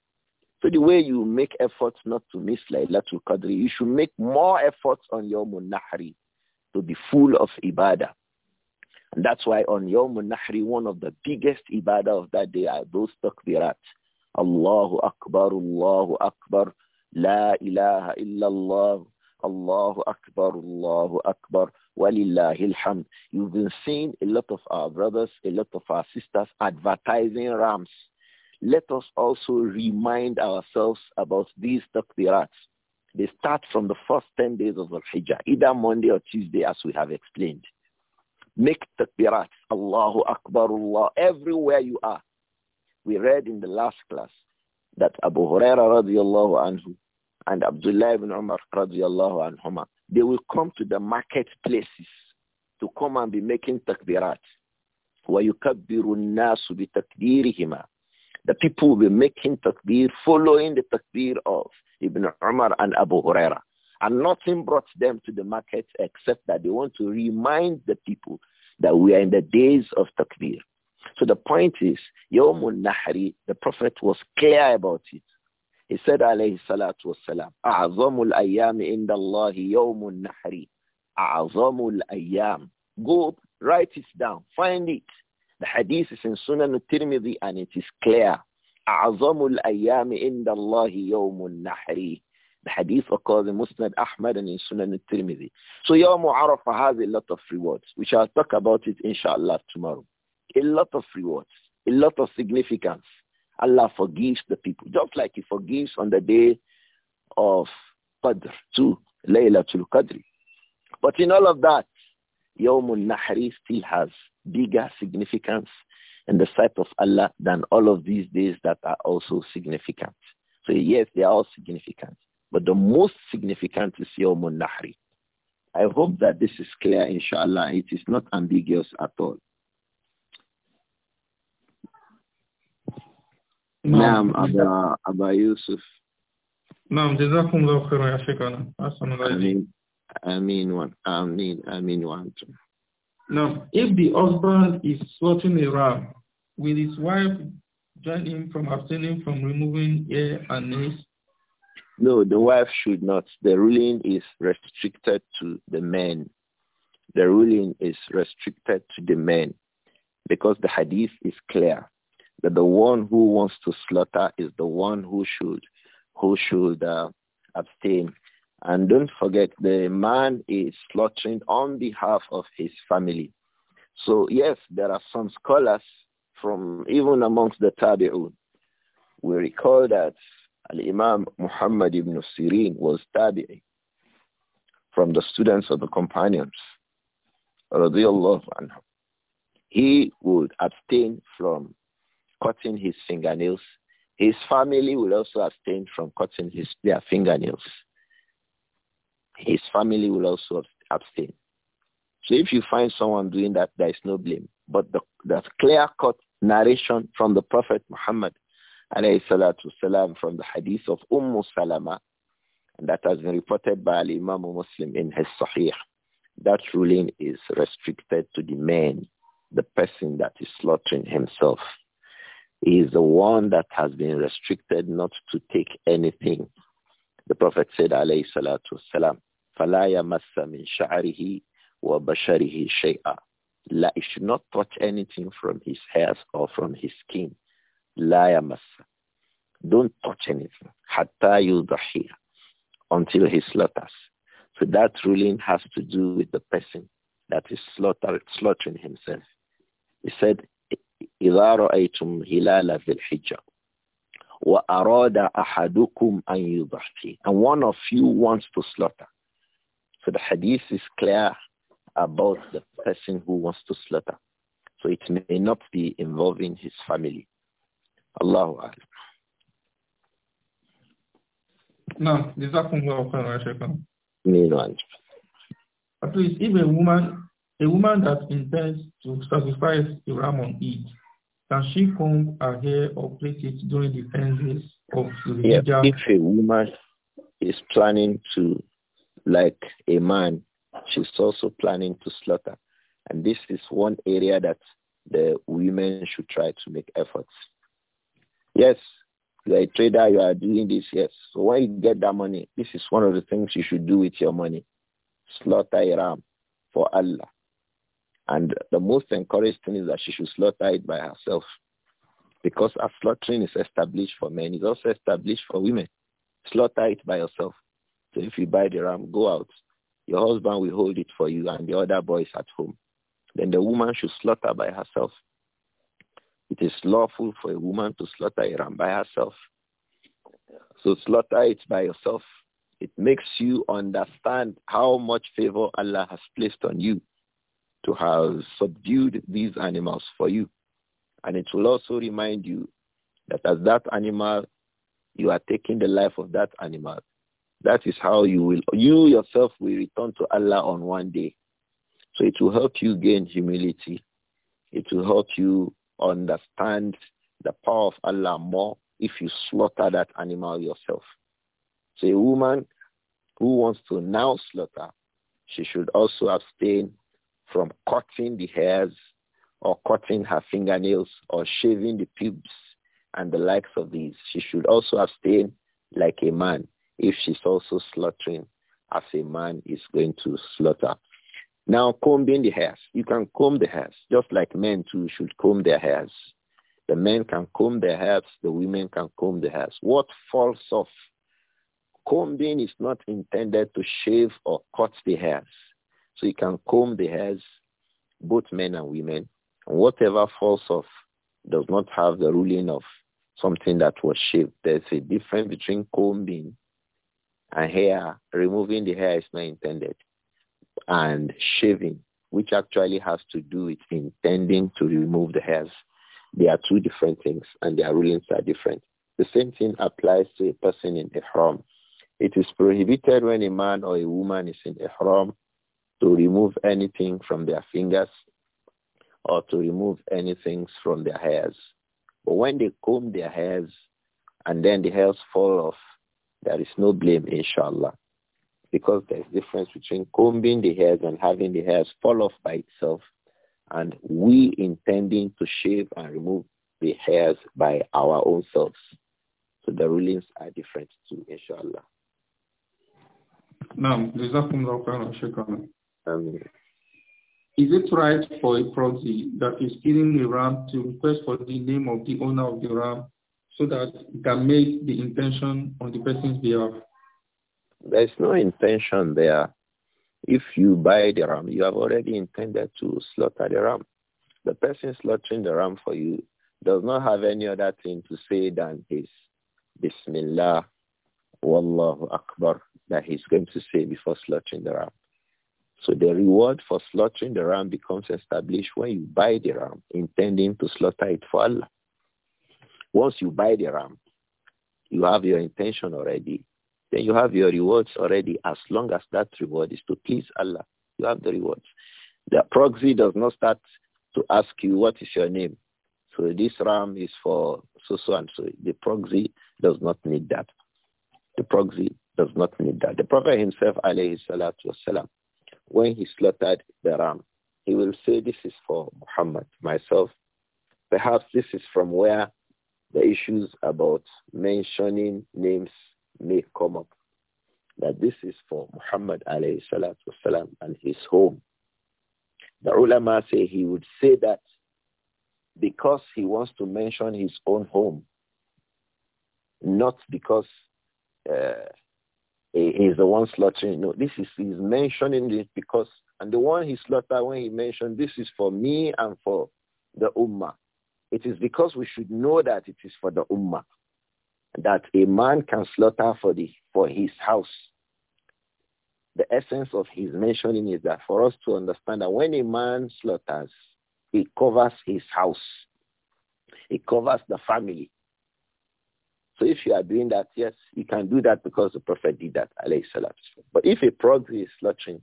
So the way you make efforts not to miss Laylatul Qadri, you should make more efforts on Yomul Nahari to be full of ibadah. And that's why on Yawm al-Nahri, one of the biggest ibadah of that day are those takbirat. Allahu Akbar, Allahu Akbar, La ilaha illallah, Allahu Akbar, Allahu Akbar, Walillahi alhamd. You've been seeing a lot of our brothers, a lot of our sisters advertising rams. Let us also remind ourselves about these takbirat. They start from the first 10 days of the hijjah either Monday or Tuesday as we have explained. Make takbirat. Allahu Akbar Allah. Everywhere you are. We read in the last class that Abu Huraira radiallahu anhu and Abdullah ibn Umar radiallahu anhuma, they will come to the marketplaces to come and be making takbirat. وَيُكَبِّرُ النَّاسُ بِتَكْبِيرِهِمَا The people will be making takbir, following the takbir of Ibn Umar and Abu Huraira. And nothing brought them to the market except that they want to remind the people that we are in the days of takbir. So the point is, Yawmun Nahri, the Prophet was clear about it. He said, alayhi salatu wassalam, أَعْظَمُ الْأَيَّامِ عِنْدَ اللَّهِ يَوْمُ النَّحْرِ أَعْظَمُ الْأَيَّامِ Go, write it down, find it. The hadith is in Sunan al-Tirmidhi and it is clear. أَعْظَمُ الْأَيَّامِ عِنْدَ اللَّهِ يَوْمُ النَّحْرِ the hadith occurs in Musnad Ahmad and in Sunan al-Tirmidhi. So Yawm Arafah has a lot of rewards. We shall talk about it inshallah tomorrow. A lot of rewards, a lot of significance. Allah forgives the people, just like he forgives on the day of Qadr too, Laylatul Qadr. But in all of that, Yawmul Nahri still has bigger significance in the sight of Allah than all of these days that are also significant. So yes, they are all significant. But the most significant is Yawmun Nahri. I hope that this is clear, inshallah. It is not ambiguous at all. Naam, Aba, Aba Yusuf. Naam, jazakum Allah khairan ya shaykhana. Assalamu Ameen one. Ameen, ameen Now, if the husband is slaughtering a ram, will his wife join him from abstaining from removing hair and nails no, the wife should not. The ruling is restricted to the men. The ruling is restricted to the men because the hadith is clear that the one who wants to slaughter is the one who should who should uh, abstain. And don't forget, the man is slaughtering on behalf of his family. So yes, there are some scholars from even amongst the Tabi'un. We recall that Al-Imam Muhammad ibn Sirin was tabi'i from the students of the companions. anhu. He would abstain from cutting his fingernails. His family would also abstain from cutting his, their fingernails. His family would also abstain. So if you find someone doing that, there is no blame. But the, the clear-cut narration from the Prophet Muhammad alayhi salatu salam, from the hadith of Umm Salama, and that has been reported by Imam Muslim in his Sahih. That ruling is restricted to the man, the person that is slaughtering himself. He is the one that has been restricted not to take anything. The Prophet said, alayhi salatu salam, فَلَا يَمَسَّ مِنْ شَعَرِهِ وَبَشَرِهِ شَيْئًا He should not touch anything from his hairs or from his skin La Don't touch anything. Hatta yudahiyah. Until he slaughters. So that ruling has to do with the person that is slaughter, slaughtering himself. He said, إِذَا رَأَيْتُمْ هِلَالَ ذِي الْحِجَّةِ وَأَرَادَ أَحَدُكُمْ أَنْ يُضَحِي And one of you wants to slaughter. So the hadith is clear about the person who wants to slaughter. So it may not be involving his family. Allahu Akbar. No, Jazakumullah khairan, Sheikh. Meanwhile. At least if a woman a woman that intends to sacrifice a ram on Eid, can she comb her hair or plait it during the ten of the yeah, If a woman is planning to, like a man, she's also planning to slaughter. And this is one area that the women should try to make efforts. Yes, you're a trader, you are doing this, yes. So when you get that money, this is one of the things you should do with your money. Slaughter a ram for Allah. And the most encouraged thing is that she should slaughter it by herself. Because a slaughtering is established for men, it's also established for women. Slaughter it by yourself. So if you buy the ram, go out. Your husband will hold it for you and the other boys at home. Then the woman should slaughter by herself it is lawful for a woman to slaughter a ram by herself. So slaughter it by yourself. It makes you understand how much favor Allah has placed on you to have subdued these animals for you. And it will also remind you that as that animal, you are taking the life of that animal. That is how you will, you yourself will return to Allah on one day. So it will help you gain humility. It will help you understand the power of Allah more if you slaughter that animal yourself. So a woman who wants to now slaughter, she should also abstain from cutting the hairs or cutting her fingernails or shaving the pubes and the likes of these. She should also abstain like a man if she's also slaughtering as a man is going to slaughter. Now combing the hairs. You can comb the hairs, just like men too should comb their hairs. The men can comb their hairs, the women can comb their hairs. What falls off? Combing is not intended to shave or cut the hairs. So you can comb the hairs, both men and women. And whatever falls off does not have the ruling of something that was shaved. There's a difference between combing and hair. Removing the hair is not intended and shaving, which actually has to do with intending to remove the hairs. They are two different things and their rulings are different. The same thing applies to a person in Ihram. It is prohibited when a man or a woman is in Ihram to remove anything from their fingers or to remove anything from their hairs. But when they comb their hairs and then the hairs fall off, there is no blame, inshallah because there's difference between combing the hairs and having the hairs fall off by itself and we intending to shave and remove the hairs by our own selves. So the rulings are different too, inshallah. is it right for a proxy that is killing the ram to request for the name of the owner of the ram so that it can make the intention on the person's behalf? There is no intention there. If you buy the ram, you have already intended to slaughter the ram. The person slaughtering the ram for you does not have any other thing to say than his Bismillah, Wallahu Akbar, that he's going to say before slaughtering the ram. So the reward for slaughtering the ram becomes established when you buy the ram, intending to slaughter it for Allah. Once you buy the ram, you have your intention already then you have your rewards already as long as that reward is to please Allah. You have the rewards. The proxy does not start to ask you what is your name. So this RAM is for so so and so. The proxy does not need that. The proxy does not need that. The Prophet himself, alayhi salatu wasalam, when he slaughtered the ram, he will say, this is for Muhammad, myself. Perhaps this is from where the issues about mentioning names may come up. That this is for Muhammad alayhi salatu wasalam and his home. The ulama say he would say that because he wants to mention his own home, not because uh, he's the one slaughtering. No, this is he's mentioning it because, and the one he slaughtered when he mentioned this is for me and for the ummah. It is because we should know that it is for the ummah that a man can slaughter for, the, for his house. The essence of his mentioning is that for us to understand that when a man slaughters, he covers his house. He covers the family. So if you are doing that, yes, you can do that because the Prophet did that, But if a proxy is slaughtering,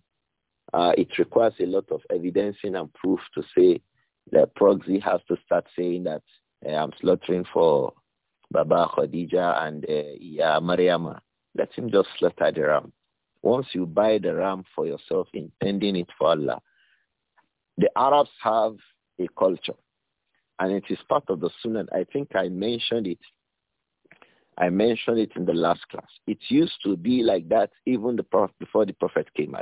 uh, it requires a lot of evidencing and proof to say the proxy has to start saying that eh, I'm slaughtering for Baba Khadija and uh, Ya Mariama. Let him just slaughter the ram. Once you buy the ram for yourself, intending it for Allah. The Arabs have a culture, and it is part of the Sunnah. I think I mentioned it. I mentioned it in the last class. It used to be like that even the before the Prophet came,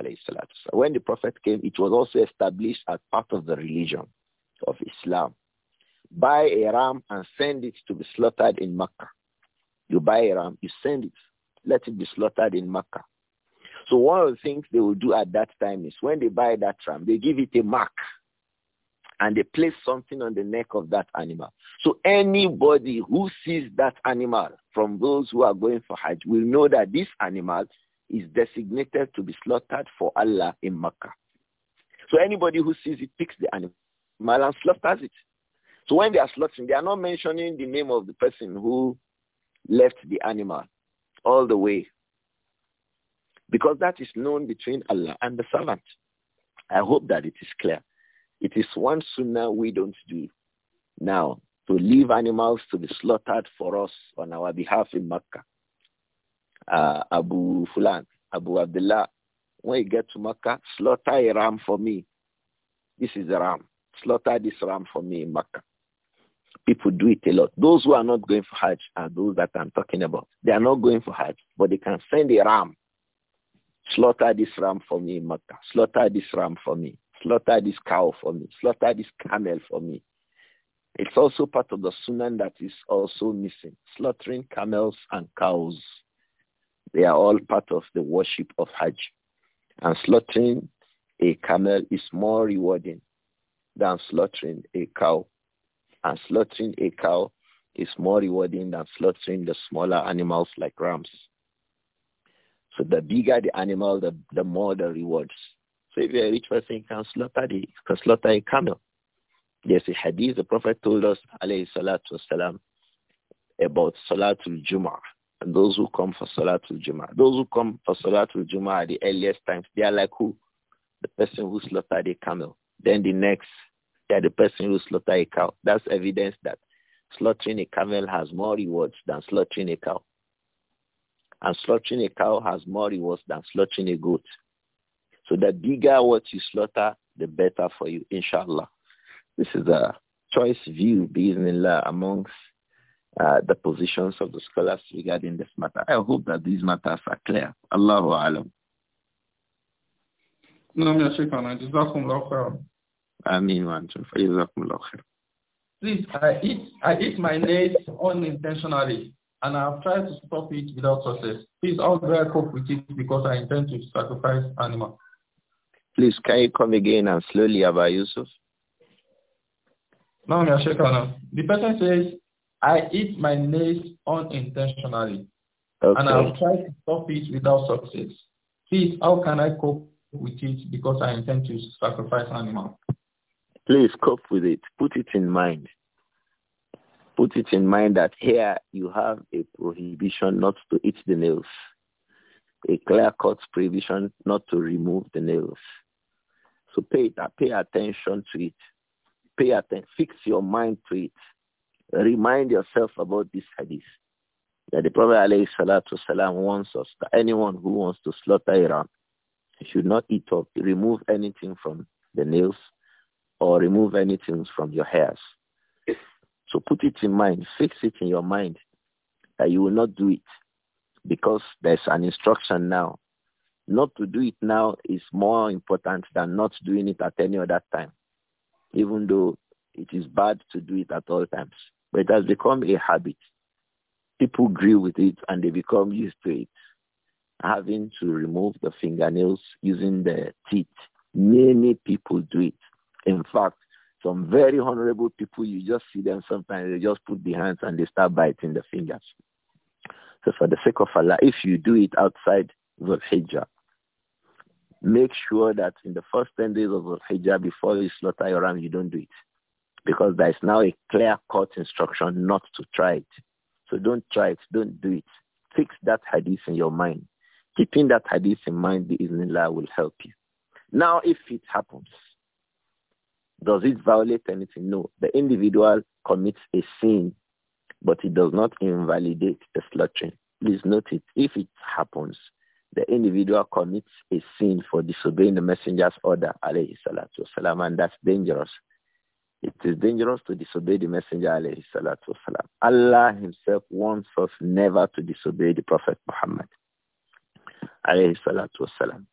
When the Prophet came, it was also established as part of the religion of Islam buy a ram and send it to be slaughtered in Makkah. You buy a ram, you send it, let it be slaughtered in Makkah. So one of the things they will do at that time is when they buy that ram, they give it a mark and they place something on the neck of that animal. So anybody who sees that animal from those who are going for Hajj will know that this animal is designated to be slaughtered for Allah in Makkah. So anybody who sees it picks the animal and slaughters it. So when they are slaughtering, they are not mentioning the name of the person who left the animal all the way. Because that is known between Allah and the servant. I hope that it is clear. It is one sunnah we don't do now to leave animals to be slaughtered for us on our behalf in Makkah. Uh, Abu Fulan, Abu Abdullah, when you get to Makkah, slaughter a ram for me. This is a ram. Slaughter this ram for me in Makkah. People do it a lot. Those who are not going for Hajj are those that I'm talking about. They are not going for Hajj, but they can send a ram. Slaughter this ram for me in Makkah. Slaughter this ram for me. Slaughter this cow for me. Slaughter this camel for me. It's also part of the sunan that is also missing. Slaughtering camels and cows. They are all part of the worship of Hajj. And slaughtering a camel is more rewarding than slaughtering a cow and slaughtering a cow is more rewarding than slaughtering the smaller animals like rams. So the bigger the animal, the, the more the rewards. So if you're a rich person, you can slaughter, the, you can slaughter a camel. There's a hadith the Prophet told us, alayhi salatu wasalam, about Salatul Jummah. and those who come for Salatul Jummah. Those who come for Salatul Jummah at the earliest times, they are like who? The person who slaughtered a camel. Then the next that the person who slaughtered a cow. That's evidence that slaughtering a camel has more rewards than slaughtering a cow. And slaughtering a cow has more rewards than slaughtering a goat. So the bigger what you slaughter, the better for you, inshallah. This is a choice view, bismillah, amongst uh, the positions of the scholars regarding this matter. I hope that these matters are clear. Allahu alam. No, Shaykh, Please, I eat, I eat my nails unintentionally and I've tried to stop it without success. Please, how do I cope with it because I intend to sacrifice animal? Please, can you come again and slowly, Abba Yusuf? No, Mr. The person says, I eat my nails unintentionally okay. and I've tried to stop it without success. Please, how can I cope with it because I intend to sacrifice animal? Please cope with it. Put it in mind. Put it in mind that here you have a prohibition not to eat the nails, a clear-cut prohibition not to remove the nails. So pay, it, pay attention to it. Pay attention. Fix your mind to it. Remind yourself about this hadith that the Prophet salam wants us that anyone who wants to slaughter a should not eat or remove anything from the nails or remove anything from your hairs. So put it in mind, fix it in your mind that you will not do it because there's an instruction now. Not to do it now is more important than not doing it at any other time, even though it is bad to do it at all times. But it has become a habit. People grew with it and they become used to it. Having to remove the fingernails using the teeth. Many people do it. In fact, some very honorable people, you just see them sometimes, they just put the hands and they start biting the fingers. So for the sake of Allah, if you do it outside Dhul Hijjah, make sure that in the first 10 days of Dhul Hijjah, before you slaughter your ram, you don't do it. Because there is now a clear-cut instruction not to try it. So don't try it. Don't do it. Fix that hadith in your mind. Keeping that hadith in mind, the Iznillah will help you. Now, if it happens, does it violate anything? No. The individual commits a sin, but it does not invalidate the slaughtering. Please note it. If it happens, the individual commits a sin for disobeying the messenger's order, alayhi salatu wasalam, and that's dangerous. It is dangerous to disobey the messenger, alayhi salatu wasalam. Allah himself wants us never to disobey the Prophet Muhammad, alayhi salatu wasalam.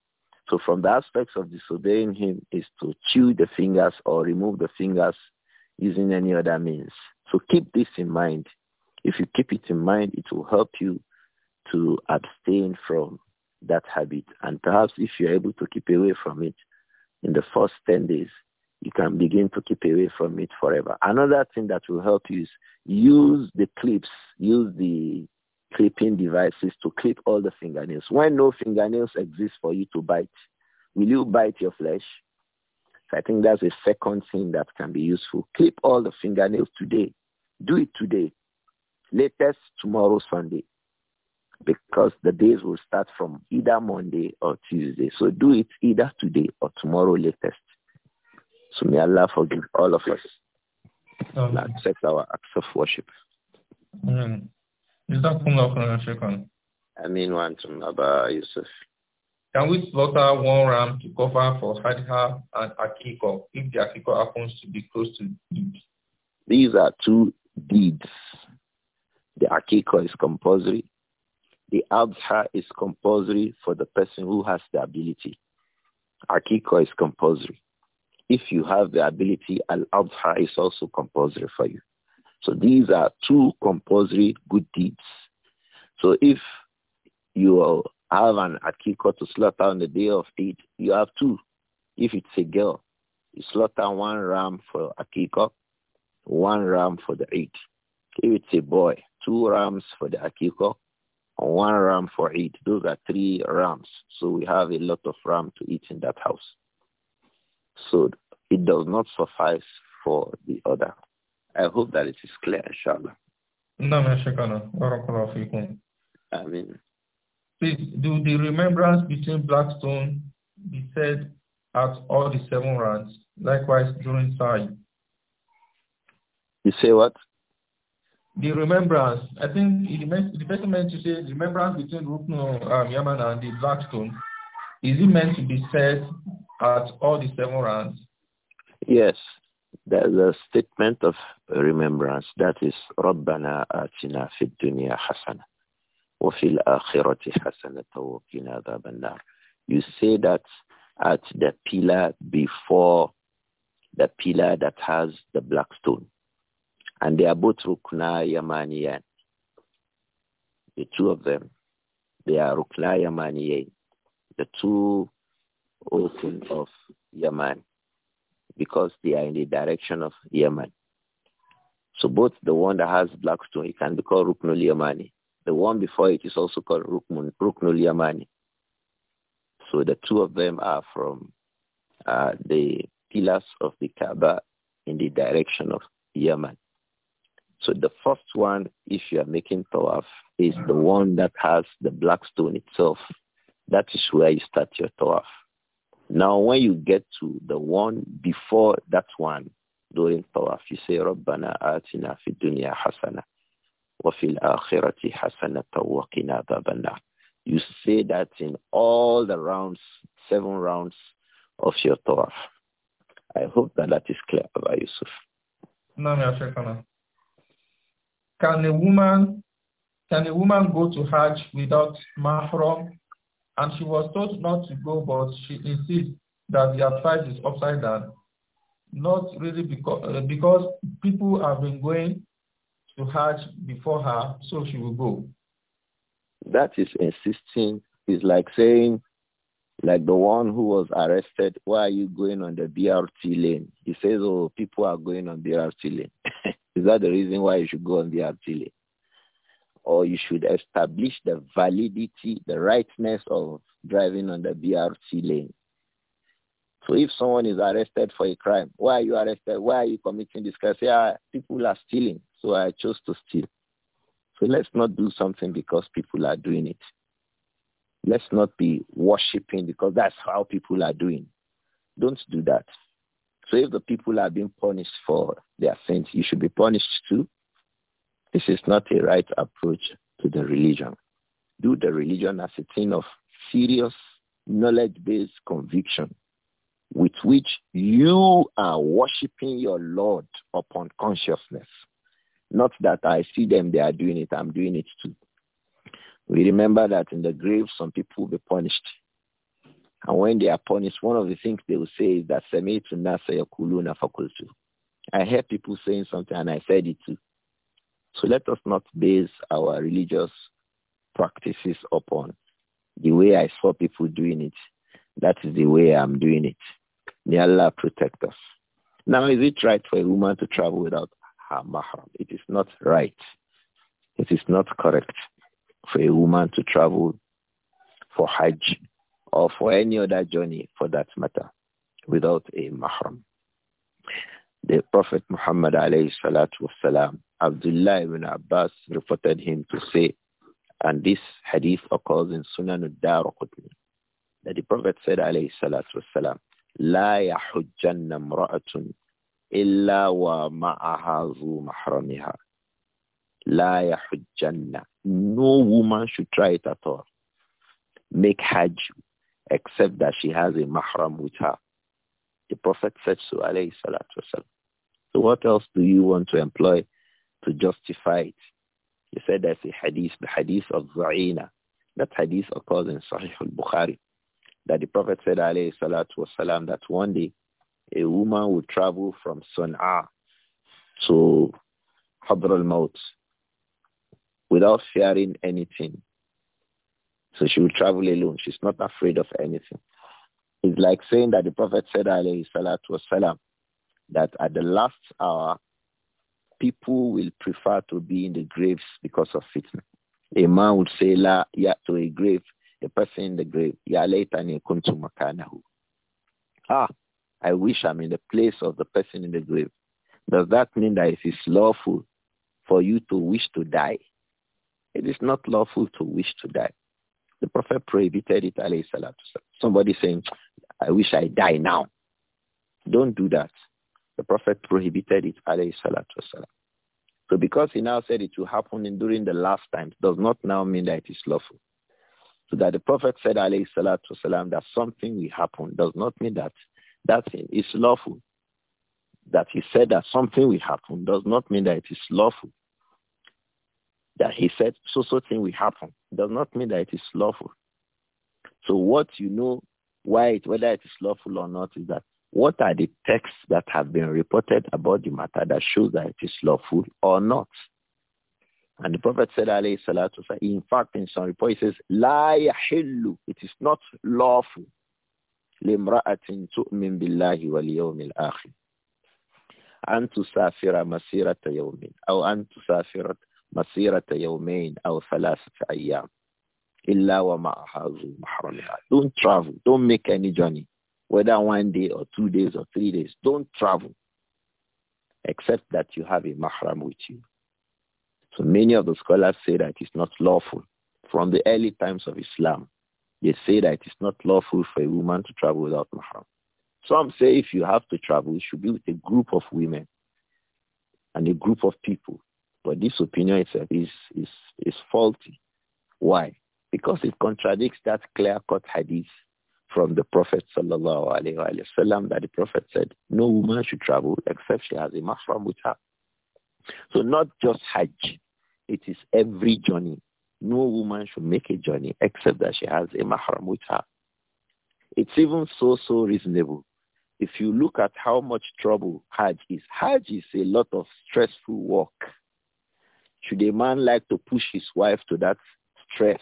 So from the aspects of disobeying him is to chew the fingers or remove the fingers using any other means. So keep this in mind. If you keep it in mind, it will help you to abstain from that habit. And perhaps if you're able to keep away from it in the first 10 days, you can begin to keep away from it forever. Another thing that will help you is use the clips, use the clipping devices to clip all the fingernails. When no fingernails exist for you to bite, will you bite your flesh? So I think that's a second thing that can be useful. Clip all the fingernails today. Do it today. Latest tomorrow Sunday. Because the days will start from either Monday or Tuesday. So do it either today or tomorrow latest. So may Allah forgive all of us. Um, and accept our acts of worship. Um. جزاكم الله خيرا شكرا. Amin wa antum Aba Yusuf. Can we slaughter one ram to cover for Hadha and Akiko if the Akiko happens to be close to Eid? These are two deeds. The Akiko is compulsory. The Adha is compulsory for the person who has the ability. Akiko is compulsory. If you have the ability, Al-Adha is also compulsory for you. So these are two compulsory good deeds. So if you have an akiko to slaughter on the day of Eid, you have two. If it's a girl, you slaughter one ram for akiko, one ram for the Eid. If it's a boy, two rams for the akiko, one ram for Eid. Those are three rams. So we have a lot of ram to eat in that house. So it does not suffice for the other. I hope that it is clear, inshallah. I mean, Please, do the remembrance between Blackstone be said at all the seven rounds, likewise during time? You say what? The remembrance. I think the person meant to say the remembrance between Rukno um, Yaman and the Blackstone. Is it meant to be said at all the seven rounds? Yes, the, the statement of remembrance, that is رَبَّنَا آتِنَا فِي الدُّنْيَا حَسَنَةً وَفِي الْآخِرَةِ حَسَنَةً وَقِنَا عَذَابَ النَّارِ You say that at the pillar before the pillar that has the black stone. And they are both Rukna Yamaniyan. The two of them, they are Rukna Yamaniyan, the two oaths of Yaman because they are in the direction of Yemen. So both the one that has black stone, it can be called Ruknul Yamani. The one before it is also called Ruknul, Ruknul Yamani. So the two of them are from uh, the pillars of the Kaaba in the direction of Yemen. So the first one, if you are making tawaf, is the one that has the black stone itself. That is where you start your tawaf. Now, when you get to the one before that one, during tawaf, you say, رَبَّنَا آتِنَا فِي hasana, wa fil الْآخِرَةِ hasana وَقِنَا عَذَابَ You say that in all the rounds, seven rounds of your tawaf. I hope that that is clear, Abba Yusuf. No, Can a woman can a woman go to Hajj without mahram and she was told not to go, but she insists that the advice is upside down. Not really because, uh, because people have been going to Hajj before her, so she will go. That is insisting is like saying, like the one who was arrested, why are you going on the BRT lane? He says, oh, people are going on BRT lane. is that the reason why you should go on BRT lane? or you should establish the validity, the rightness of driving on the BRT lane. So if someone is arrested for a crime, why are you arrested? Why are you committing this crime? Say, ah, people are stealing, so I chose to steal. So let's not do something because people are doing it. Let's not be worshipping because that's how people are doing. Don't do that. So if the people are being punished for their sins, you should be punished too this is not a right approach to the religion. Do the religion as a thing of serious knowledge-based conviction with which you are worshiping your Lord upon consciousness. Not that I see them, they are doing it, I'm doing it too. We remember that in the grave, some people will be punished. And when they are punished, one of the things they will say is that, I hear people saying something and I said it too. So let us not base our religious practices upon the way I saw people doing it. That is the way I'm doing it. May Allah protect us. Now, is it right for a woman to travel without her mahram? It is not right. It is not correct for a woman to travel for Hajj or for any other journey for that matter without a mahram. The Prophet Muhammad alayhi salatu wasalam, Abdullah ibn Abbas reported him to say, and this hadith occurs in Sunan al-Darqutni, that the Prophet said alayhi salatu wasalam, لا يحجن امرأة إلا ومعها ذو محرمها لا يحجن No woman should try it at all. Make hajj except that she has a mahram with her. The Prophet said so, alayhi salatu wasalam. So what else do you want to employ to justify it? He said that's a hadith, the hadith of Za'ina. That hadith occurs in Sahih al-Bukhari. That the Prophet said, alayhi salatu wasalam, that one day a woman would travel from Suna to Hadr al-Maut without fearing anything. So she will travel alone. She's not afraid of anything. It's like saying that the Prophet said, alayhi salatu wasalam, that at the last hour, people will prefer to be in the graves because of fitna. A man would say, la, ya, to a grave, a person in the grave, ya laytani kuntu makanahu. Ah, I wish I'm in the place of the person in the grave. Does that mean that it is lawful for you to wish to die? It is not lawful to wish to die. The Prophet prohibited it, alayhi salatu wasalam. Somebody saying, I wish I die now. Don't do that. The Prophet prohibited it, alayhi salatu wasalam. So because he now said it will happen during the last time, does not now mean that it is lawful. So that the Prophet said, alayhi salatu wasalam, that something will happen does not mean that that thing is lawful. That he said that something will happen does not mean that it is lawful. That he said so so thing will happen does not mean that it is lawful. So what you know, why it, whether it is lawful or not, is that what are the texts that have been reported about the matter that shows that it is lawful or not? And the Prophet said, alayhi salatu in fact, in some reports, he says, La it is not lawful. لِمْرَأَةٍ تُؤْمِنْ بِاللَّهِ وَالْيَوْمِ الْآخِرِ أن تسافر مسيرة يومين أو أن تسافر مسيرة يومين أو ثلاثة أيام مَحْرَمِهَا Don't travel. Don't make any journey, whether one day or two days or three days. Don't travel, except that you have a mahram with you. So many of the scholars say that it's not lawful. From the early times of Islam, they say that it's not lawful for a woman to travel without mahram. Some say if you have to travel, it should be with a group of women and a group of people. But this opinion itself is, is, is faulty. Why? because it contradicts that clear-cut hadith from the Prophet sallallahu alaihi wasallam that the Prophet said, no woman should travel except she has a mahram with her. So not just Hajj, it is every journey. No woman should make a journey except that she has a mahram with her. It's even so, so reasonable. If you look at how much trouble Hajj is, Hajj is a lot of stressful work. Should a man like to push his wife to that stress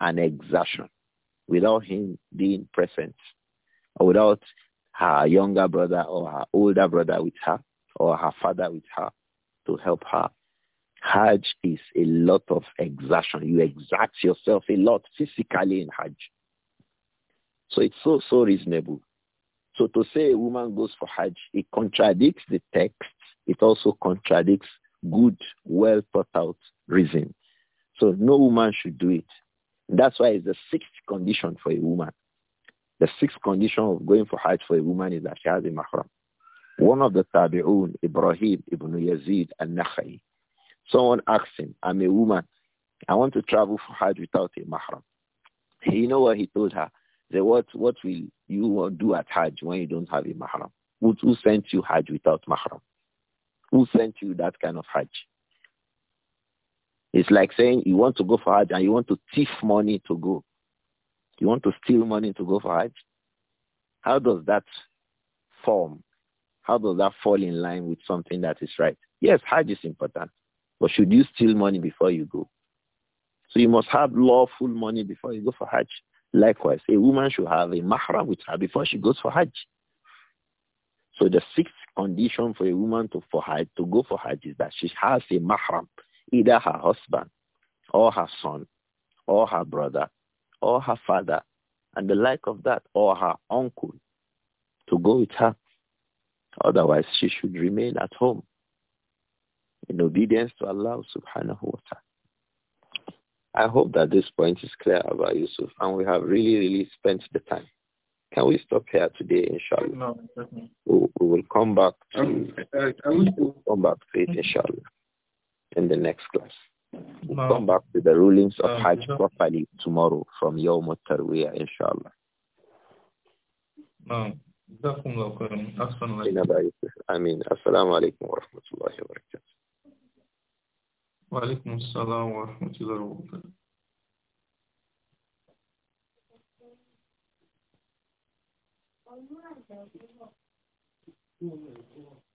an exertion without him being present or without her younger brother or her older brother with her or her father with her to help her. Hajj is a lot of exertion. You exert yourself a lot physically in Hajj. So it's so, so reasonable. So to say a woman goes for Hajj, it contradicts the text. It also contradicts good, well thought out reason. So no woman should do it. That's why it's the sixth condition for a woman. The sixth condition of going for Hajj for a woman is that she has a mahram. One of the tabi'un, Ibrahim ibn Yazid al-Nakhai, someone asked him, I'm a woman. I want to travel for Hajj without a mahram. You know what he told her? He what, what will you do at Hajj when you don't have a mahram? Who, who sent you Hajj without mahram? Who sent you that kind of Hajj? It's like saying you want to go for Hajj and you want to thief money to go. You want to steal money to go for Hajj. How does that form? How does that fall in line with something that is right? Yes, Hajj is important. But should you steal money before you go? So you must have lawful money before you go for Hajj. Likewise, a woman should have a mahram with her before she goes for Hajj. So the sixth condition for a woman to for Hajj to go for Hajj is that she has a mahram either her husband or her son or her brother or her father and the like of that or her uncle to go with her. Otherwise, she should remain at home in obedience to Allah subhanahu wa ta'ala. I hope that this point is clear about Yusuf and we have really, really spent the time. Can we stop here today, inshallah? No, we, we will come back to, I, I will... come back to it, inshallah in the next class. We'll come back to the rulings of Hajj properly tomorrow from your al-Tarwiyah, inshallah. نعم جزاكم الله خيرا أحسن عليكم آمين السلام وعليكم السلام ورحمة الله وبركاته